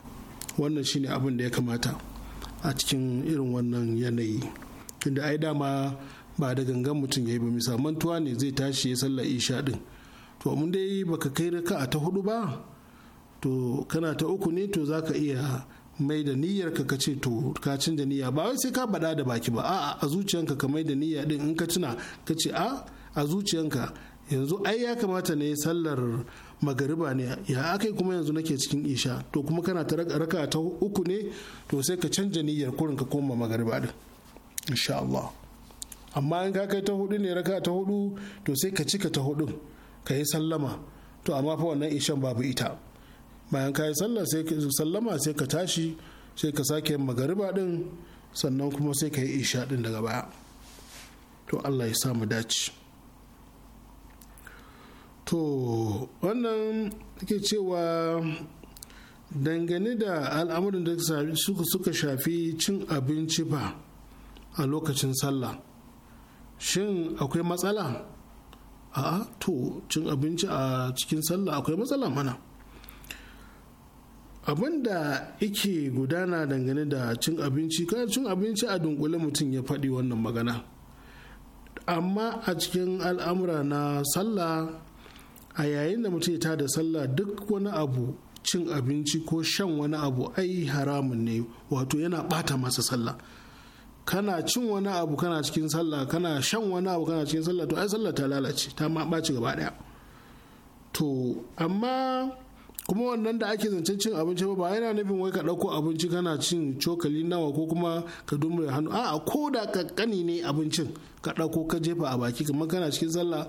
wannan shine abin da ya kamata a cikin irin wannan yanayi tunda ai dama ba da gangan mutum ya yi ba misa mantuwa ne zai tashi ya sallar isha ɗin to mun dai baka kai a ta hudu ba to kana ta uku ne to zaka iya mai da niyyar ka kace ce to ka cin da niyya ba wai sai ka bada da baki ba a'a a zuciyanka ka mai da niyya din in ka tuna ka ce a a zuciyanka yanzu ai ya kamata ne sallar magariba ne ya akai kuma yanzu nake cikin isha to kuma kana ta raka ta uku ne to sai ka canja niyyar kurin ka koma magariba din insha Allah amma in ka kai ta hudu ne raka ta hudu to sai ka cika ta hudun ka yi sallama to amma fa wannan ishan babu ita bayan ka yi sallar sai ka sallama sai ka tashi sai ka sake magariba din sannan kuma sai ka yi isha din daga baya to Allah ya sa mu dace to wannan ke cewa dangane da al'amuran da suka shafi cin abinci ba a lokacin sallah shin akwai matsala a to cin abinci a cikin sallah akwai matsala mana abin da ike gudana dangane da cin abinci kada cin abinci a dunkule mutum ya faɗi wannan magana amma a cikin al'amura na sallah a yayin da mutum ta da sallah duk wani abu cin abinci ko shan wani abu ai haramun ne wato yana bata masa sallah kana cin wani abu kana cikin sallah kana shan wani abu kana cikin sallah to ai sallah ta lalace ta ma baci gaba ɗaya to amma kuma wannan da ake zancen cin abinci ba yana nufin wai ka ɗauko abinci kana cin cokali nawa ko kuma ka dumbura hannu a'a ko da kakkani ne abincin ka ɗauko ka jefa a baki kamar kana cikin sallah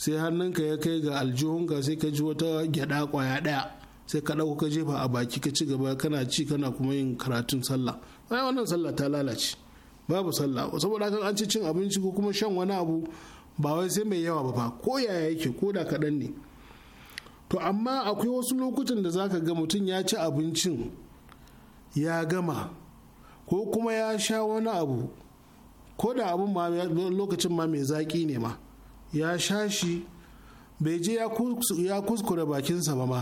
sai hannunka ya kai ga aljihunka sai ka ji wata gyada kwaya daya sai ka dauko ka jefa a baki ka ci gaba kana ci kana kuma yin karatun sallah ai wannan sallah ta lalace babu sallah saboda haka an ci cin abinci ko kuma shan wani abu ba wai sai mai yawa ba fa ko yaya yake ko da kaɗan ne to amma akwai wasu lokutan da zaka ga mutum ya ci abincin ya gama ko kuma ya sha wani abu ko da abin ma lokacin ma mai zaƙi ne ma ya sha shi bai je ya kuskure bakinsa ba ma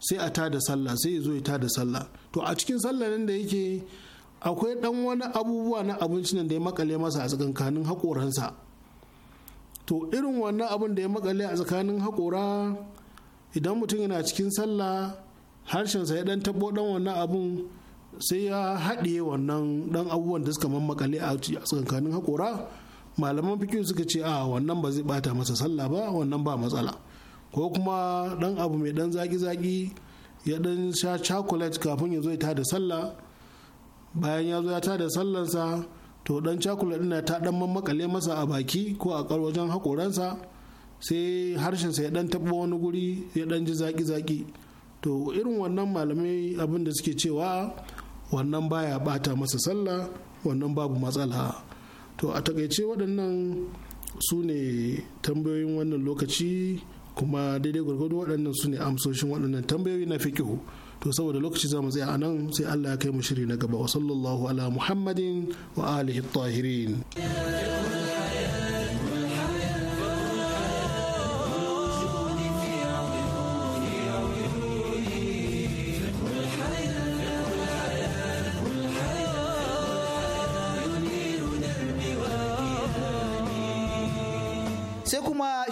sai a tada sallah sai ya zo ya tada sallah to a cikin sallah nan da yake akwai dan wani abubuwa na abinci nan da ya makale masa a tsakankanin haƙoransa to irin wannan abin da ya makale a tsakanin haƙora idan mutum yana cikin sallah harshensa ya dan tabo dan wannan abun sai ya haɗiye wannan dan abubuwan da suka mamakale a tsakankanin haƙora malaman fikin suka ce a ah, wannan ba zai bata masa sallah ba wannan ba matsala ko kuma dan abu mai dan zaki-zaki ya dan sha chocolate kafin ya zo ya tada sallah bayan ya zo ya tada sallarsa to dan chocolate na ta dan mamakale masa a baki ko a kar wajen hakoransa sai harshensa ya dan taɓa wani guri ya dan ji zaki-zaki to irin wannan malamai abin da suke cewa wannan baya bata masa sallah wannan babu matsala to a takaice waɗannan su ne tambayoyin wannan lokaci kuma daidai gwargwado waɗannan su ne amsoshin waɗannan tambayoyi na fikihu to saboda lokaci za mu tsaya a nan sai Allah ya kai mu shiri na gaba wa sallallahu ala muhammadin wa alihi tahirin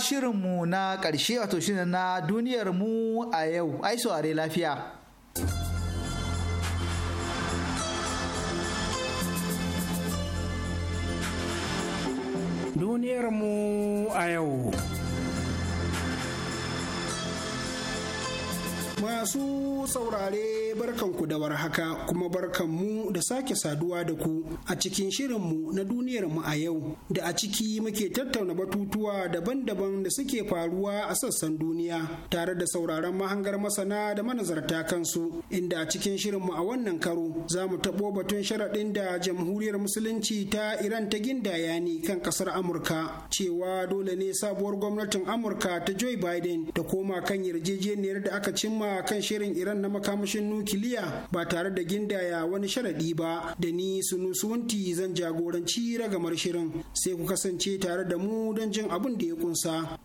shirinmu na ƙarshe wato shirin na duniyar mu a yau ai saurare lafiya. Duniyar mu a yau. Masu saurare barkanku da warhaka kuma barkanmu da sake saduwa da ku a cikin shirinmu na duniyar mu a yau da a ciki muke tattauna batutuwa daban-daban da suke faruwa a sassan duniya tare da sauraron mahangar masana da manazarta kansu inda a cikin shirinmu a wannan karo za mu taɓo batun sharaɗin da jamhuriyar musulunci ta Iran ta gindaya ne kan ƙasar Amurka cewa dole ne sabuwar gwamnatin Amurka ta Joe Biden ta koma kan yarjejeniyar da aka cimma tattaunawa kan shirin Iran na makamashin nukiliya ba tare da gindaya wani sharadi ba da ni sunusunti zan jagoranci ragamar shirin sai ku kasance tare da mu don jin abin da ya kunsa.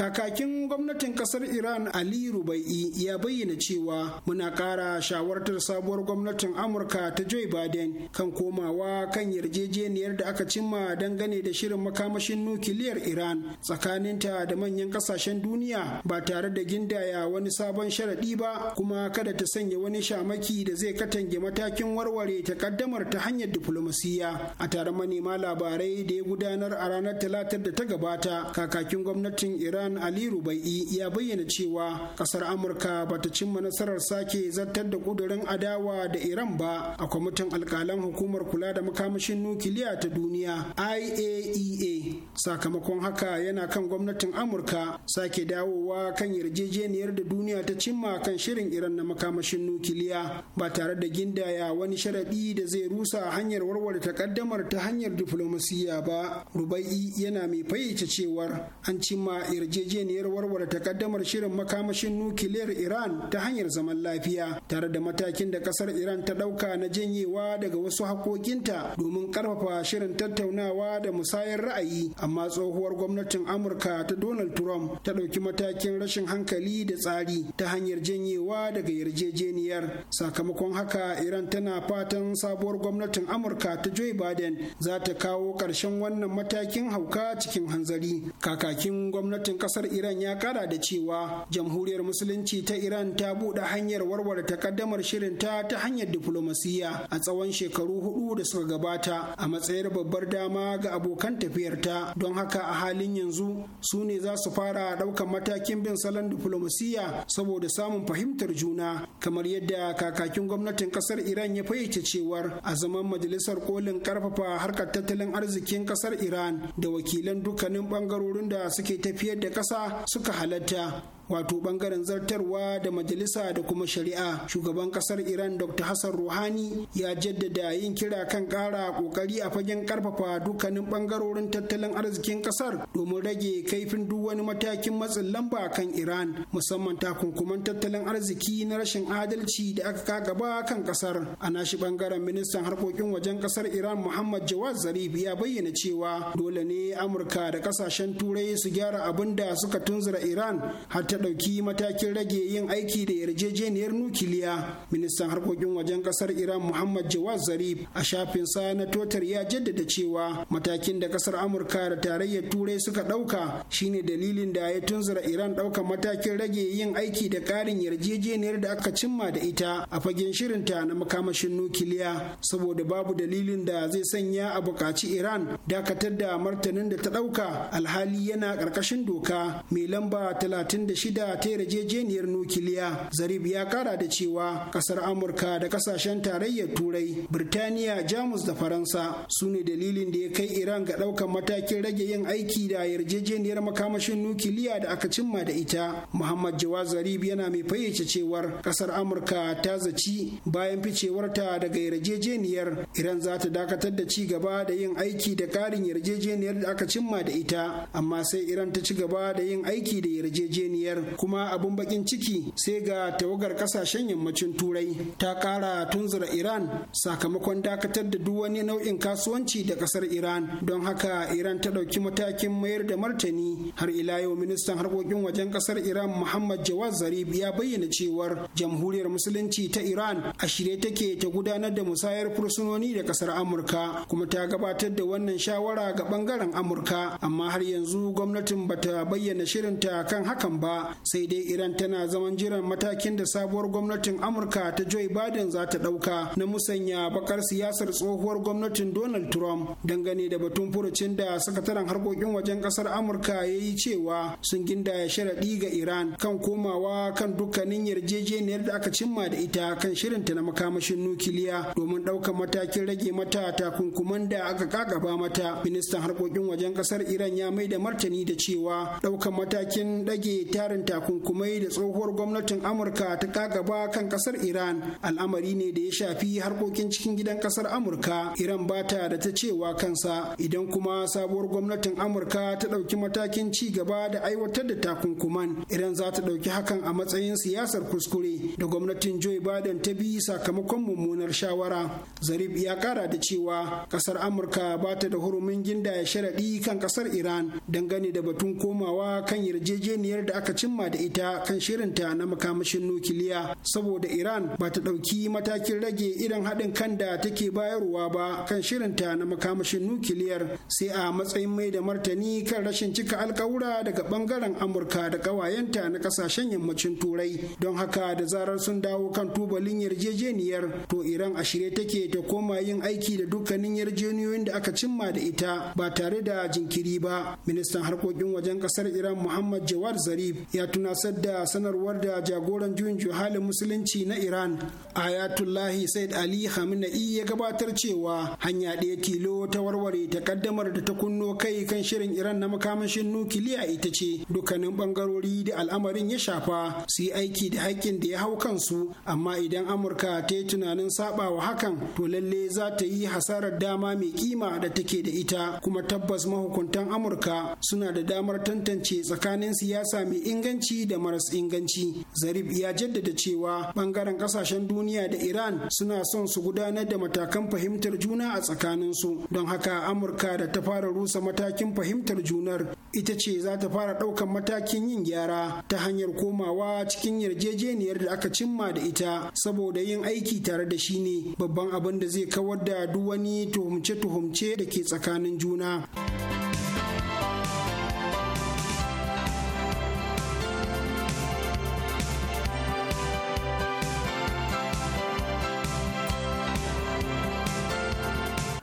Kakakin gwamnatin kasar Iran Ali Rubai'i ya bayyana cewa muna ƙara shawartar sabuwar gwamnatin Amurka ta Joe Biden kan komawa kan yarjejeniyar da aka cimma dangane da shirin makamashin nukiliyar Iran tsakaninta da manyan kasashen duniya ba tare da gindaya wani sabon sharaɗi ba kuma kada ta sanya wani shamaki da zai katange matakin warware takaddamar ta hanyar diflomasiyya a tare manema labarai da ya gudanar a ranar talatar da ta gabata kakakin gwamnatin Iran Usman Ali ruba'i ya bayyana cewa kasar Amurka ba ta cimma nasarar sake zartar da kudurin adawa da Iran ba a kwamitin alkalan hukumar kula da makamashin nukiliya ta duniya IAEA. E Sakamakon haka yana kan gwamnatin Amurka sake dawowa kan yarjejeniyar da duniya ta cimma kan shirin Iran na makamashin nukiliya ba tare da gindaya wani sharaɗi da zai rusa hanyar warware takaddamar ta hanyar diflomasiyya ba. Rubai'i yana mai fayyace cewar an cimma yarjejeniyar yarjejeniyar warware takaddamar shirin makamashin nukiliyar Iran ta hanyar zaman lafiya tare da matakin da kasar Iran ta dauka na janyewa daga wasu hakokinta domin karfafa shirin tattaunawa da musayar ra'ayi amma tsohuwar gwamnatin Amurka ta Donald Trump ta dauki matakin rashin hankali da tsari ta hanyar janyewa daga yarjejeniyar sakamakon haka Iran tana fatan sabuwar gwamnatin Amurka ta Joe Biden za ta kawo ƙarshen wannan matakin hauka cikin hanzari kakakin gwamnatin kasar Iran ya kara da cewa jamhuriyar musulunci ta Iran ta buɗe hanyar warware takaddamar shirin ta ta hanyar diflomasiyya a tsawon shekaru hudu da suka gabata a matsayar babbar dama ga abokan tafiyar ta don haka a halin yanzu su ne za su fara ɗaukar matakin bin salon diflomasiyya saboda samun fahimtar juna kamar yadda kakakin gwamnatin kasar Iran ya fayyace cewar a zaman majalisar kolin karfafa harkar tattalin arzikin kasar Iran da wakilan dukkanin bangarorin da suke tafiyar da ƙasa suka halatta wato bangaren zartarwa da majalisa da kuma shari'a shugaban kasar iran dr hassan ruhani ya jaddada yin kira kan kara kokari a fagen karfafa dukkanin bangarorin tattalin arzikin kasar domin rage kaifin duk wani matakin matsin lamba kan iran musamman takunkuman tattalin arziki na rashin adalci da aka gaba kan kasar a nashi bangaren ministan harkokin wajen kasar iran muhammad jawad zarif ya bayyana cewa dole ne amurka da kasashen turai su gyara abin da suka tunzura iran har ta ɗauki matakin rage yin aiki da yarjejeniyar nukiliya ministan harkokin wajen ƙasar iran muhammad jawad zarif a shafin sa na totar ya jaddada cewa matakin da ƙasar amurka da tarayyar turai suka ɗauka shine dalilin da ya tunzura iran ɗaukar matakin rage yin aiki da ƙarin yarjejeniyar da aka cimma da ita a fagen shirinta na makamashin nukiliya saboda babu dalilin da zai sanya a buƙaci iran dakatar da martanin da ta ɗauka alhali yana ƙarƙashin doka mai lamba 36 shida ta yarjejeniyar nukiliya zarif ya kara da cewa kasar amurka da kasashen tarayyar turai birtaniya jamus da faransa su ne dalilin da ya kai iran ga ɗaukar matakin rage yin aiki da yarjejeniyar makamashin nukiliya da aka cimma da ita muhammad jawa zarif yana mai fayyace cewar kasar amurka ta zaci bayan ficewarta daga yarjejeniyar iran za ta dakatar da ci gaba da yin aiki da ƙarin yarjejeniyar da aka cimma da ita amma sai iran ta ci gaba da yin aiki da yarjejeniyar biyar kuma abun bakin ciki sai ga tawagar kasashen yammacin turai ta kara tunzura iran sakamakon dakatar da duk wani nau'in kasuwanci da kasar iran don haka iran ta ɗauki matakin mayar da martani har ila yau ministan harkokin wajen kasar iran muhammad jawad zarif ya bayyana cewar jamhuriyar musulunci ta iran a shirye take ta gudanar da musayar fursunoni da kasar amurka kuma ta gabatar da wannan shawara ga bangaren amurka amma har yanzu gwamnatin bata bayyana shirinta kan hakan ba sai dai iran tana zaman jiran matakin da sabuwar gwamnatin amurka ta joe biden za ta ɗauka na musanya bakar siyasar tsohuwar gwamnatin donald trump dangane da batun furucin da sakataren harkokin wajen ƙasar amurka ya yi cewa sun gindaya sharaɗi ga iran kan komawa kan dukkanin yarjejeniyar da aka cimma da ita kan shirinta na makamashin nukiliya domin ɗaukar matakin rage mata takunkuman da aka kakaba mata ministan harkokin wajen ƙasar iran ya mai da martani da cewa ɗaukar matakin ɗage ta ƙarin takunkumai da tsohuwar gwamnatin amurka ta kagaba kan kasar iran al'amari ne da ya shafi harkokin cikin gidan kasar amurka iran ba ta da ta cewa kansa idan kuma sabuwar gwamnatin amurka ta ɗauki matakin ci gaba da aiwatar da takunkuman iran za ta ɗauki hakan a matsayin siyasar kuskure da gwamnatin joe biden ta bi sakamakon mummunar shawara zarif ya kara da cewa kasar amurka ba ta da hurumin ginda ya sharaɗi kan kasar iran dangane da batun komawa kan yarjejeniyar da aka cimma da ita kan shirinta na makamashin nukiliya saboda Iran ba ta ɗauki matakin rage irin haɗin kan da take bayarwa ba kan shirinta na makamashin nukiliyar sai a matsayin mai da martani kan rashin cika alkawura daga ɓangaren Amurka da ƙawayenta na ƙasashen yammacin Turai. Don haka da zarar sun dawo kan tubalin yarjejeniyar to Iran a shirye take ta koma yin aiki da dukkanin yarjejeniyoyin da aka cimma da ita ba tare da jinkiri ba. Ministan harkokin wajen ƙasar Iran Muhammad Jawad Zarif ya tunasar da sanarwar da jagoran juyin juhalin musulunci na Iran Ayatullahi Said Ali haminai ya gabatar cewa hanya ɗaya tilo ta warware takaddamar da ta kunno kai kan shirin Iran na makamashin nukiliya ita ce dukkanin bangarori da al'amarin ya shafa su yi aiki da haƙƙin da ya hau kansu amma idan Amurka ta yi tunanin saba wa hakan to lalle za ta yi hasarar dama mai kima da take da ita kuma tabbas mahukuntan Amurka suna da damar tantance tsakanin siyasa mai inganci da maras inganci zarif ya jaddada cewa bangaren ƙasashen duniya da iran suna son su gudanar da matakan fahimtar juna a tsakaninsu don haka amurka da ta fara rusa matakin fahimtar junar ita ce za ta fara ɗaukan matakin yin gyara ta hanyar komawa cikin yarjejeniyar da aka cimma da ita saboda yin aiki tare da shi ne babban abin da zai kawar da duk wani tuhumce-tuhumce da ke tsakanin juna.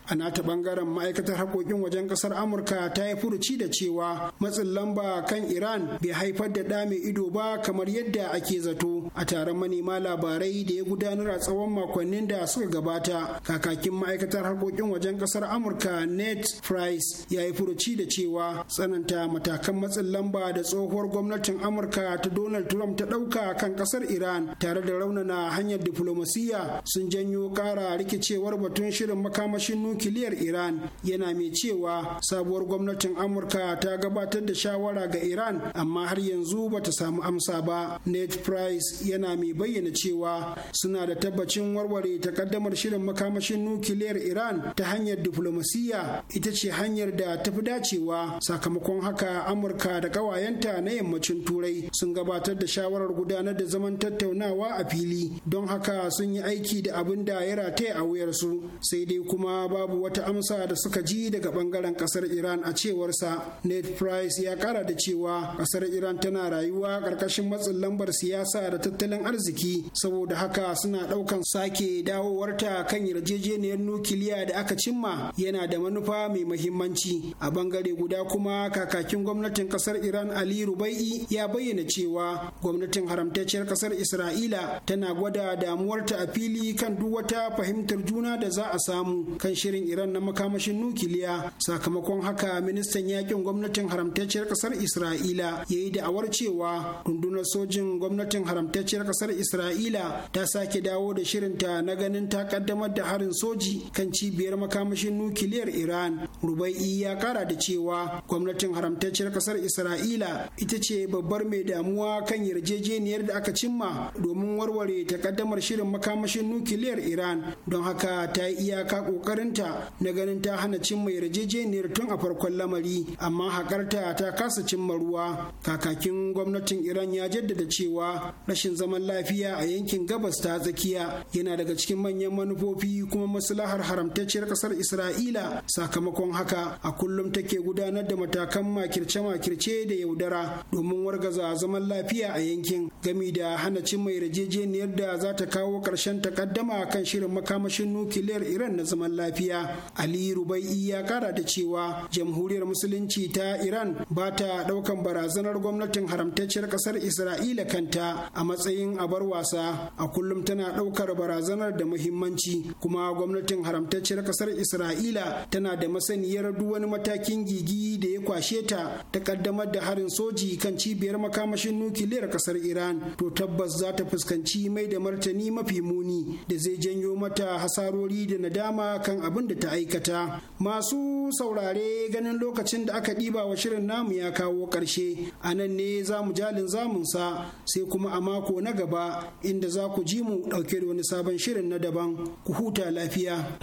a nata bangaren ma'aikatar harkokin wajen ƙasar amurka ta yi furuci da cewa matsin lamba kan iran bai haifar da ɗa mai ido ba kamar yadda ake zato a taron manema labarai da ya gudanar a tsawon makonnin da suka gabata kakakin ma'aikatar harkokin wajen ƙasar amurka net price ya yi furuci da cewa tsananta matakan matsin lamba da tsohuwar gwamnatin amurka ta donald trump ta ɗauka kan ƙasar iran tare da raunana hanyar diflomasiyya sun janyo ƙara rikicewar batun shirin makamashin nukiliyar Iran yana mai cewa sabuwar gwamnatin Amurka ta gabatar da shawara ga Iran amma har yanzu ba ta samu amsa ba. Ned Price yana mai bayyana cewa suna da tabbacin warware takaddamar shirin makamashin nukiliyar Iran ta hanyar diflomasiyya ita ce hanyar da ta fi dacewa sakamakon haka Amurka da kawayenta na yammacin Turai sun gabatar da shawarar gudanar da zaman tattaunawa a fili don haka sun yi aiki da abin da ya rataya a wuyarsu sai dai kuma babu babu wata amsa da suka ji daga bangaren kasar Iran a cewarsa. Ned Price ya kara da cewa kasar Iran tana rayuwa karkashin matsin lambar siyasa da tattalin arziki saboda haka suna daukan sake dawowarta kan yarjejeniyar nukiliya da aka cimma yana da manufa mai mahimmanci. A bangare guda kuma kakakin gwamnatin kasar Iran Ali Rubai'i ya bayyana cewa gwamnatin haramtacciyar kasar Isra'ila tana gwada damuwarta a fili kan duk wata fahimtar juna da za a samu kan shirin shirin Iran na makamashin nukiliya. Sakamakon haka ministan yakin gwamnatin haramtacciyar kasar Isra'ila ya yi da'awar cewa rundunar sojin gwamnatin haramtacciyar kasar Isra'ila ta sake dawo da shirinta na ganin ta kaddamar da harin soji kan cibiyar makamashin nukiliyar Iran. Rubai'i ya kara da cewa gwamnatin haramtacciyar kasar Isra'ila ita ce babbar mai damuwa kan yarjejeniyar da aka cimma domin warware ta takaddamar shirin makamashin nukiliyar Iran don haka ta yi iyaka kokarinta ta na ganin ta hana cimma yarjejeniyar tun a farkon lamari amma hakarta ta kasa cimma ruwa kakakin gwamnatin iran ya jaddada cewa rashin zaman lafiya a yankin gabas ta tsakiya yana daga cikin manyan manufofi kuma maslahar haramtacciyar kasar isra'ila sakamakon haka a kullum take gudanar da matakan makirce-makirce da yaudara domin wargaza zaman lafiya a yankin gami da hana cimma yarjejeniyar da za ta kawo ƙarshen takaddama kan shirin makamashin nukiliyar iran na zaman lafiya duniya ali rubai ya kara da cewa jamhuriyar musulunci ta iran ba ta daukan barazanar gwamnatin haramtacciyar kasar isra'ila kanta a matsayin abar wasa a kullum tana daukar barazanar da muhimmanci kuma gwamnatin haramtacciyar kasar isra'ila tana da masaniyar duk wani matakin gigi da ya kwashe ta ta kaddamar da harin soji kan cibiyar makamashin nukiliyar kasar iran to tabbas za ta fuskanci mai da martani mafi muni da zai janyo mata hasarori da nadama kan abin da ta aikata masu saurare ganin lokacin da aka ɗiba wa shirin namu ya kawo ƙarshe a nan ne za mu jalin zamunsa sai kuma a mako na gaba inda za ku ji mu ɗauke da wani sabon shirin na daban ku huta lafiya.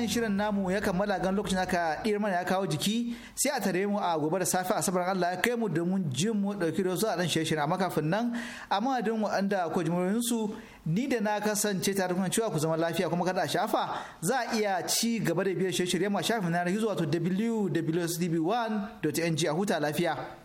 nan shirin namu ya kammala gan lokacin aka mana ya kawo jiki sai a tare mu a gobe da safe a sabar Allah ya kai mu domin jin mu dauki da su a shirye shirin amma kafin nan a madadin waɗanda ko jimuriyin su ni da na kasance tare da cewa ku zama lafiya kuma kada a shafa za a iya ci gaba da biyar shirye mu a shafin na gizo wato www.tv1.ng a huta lafiya.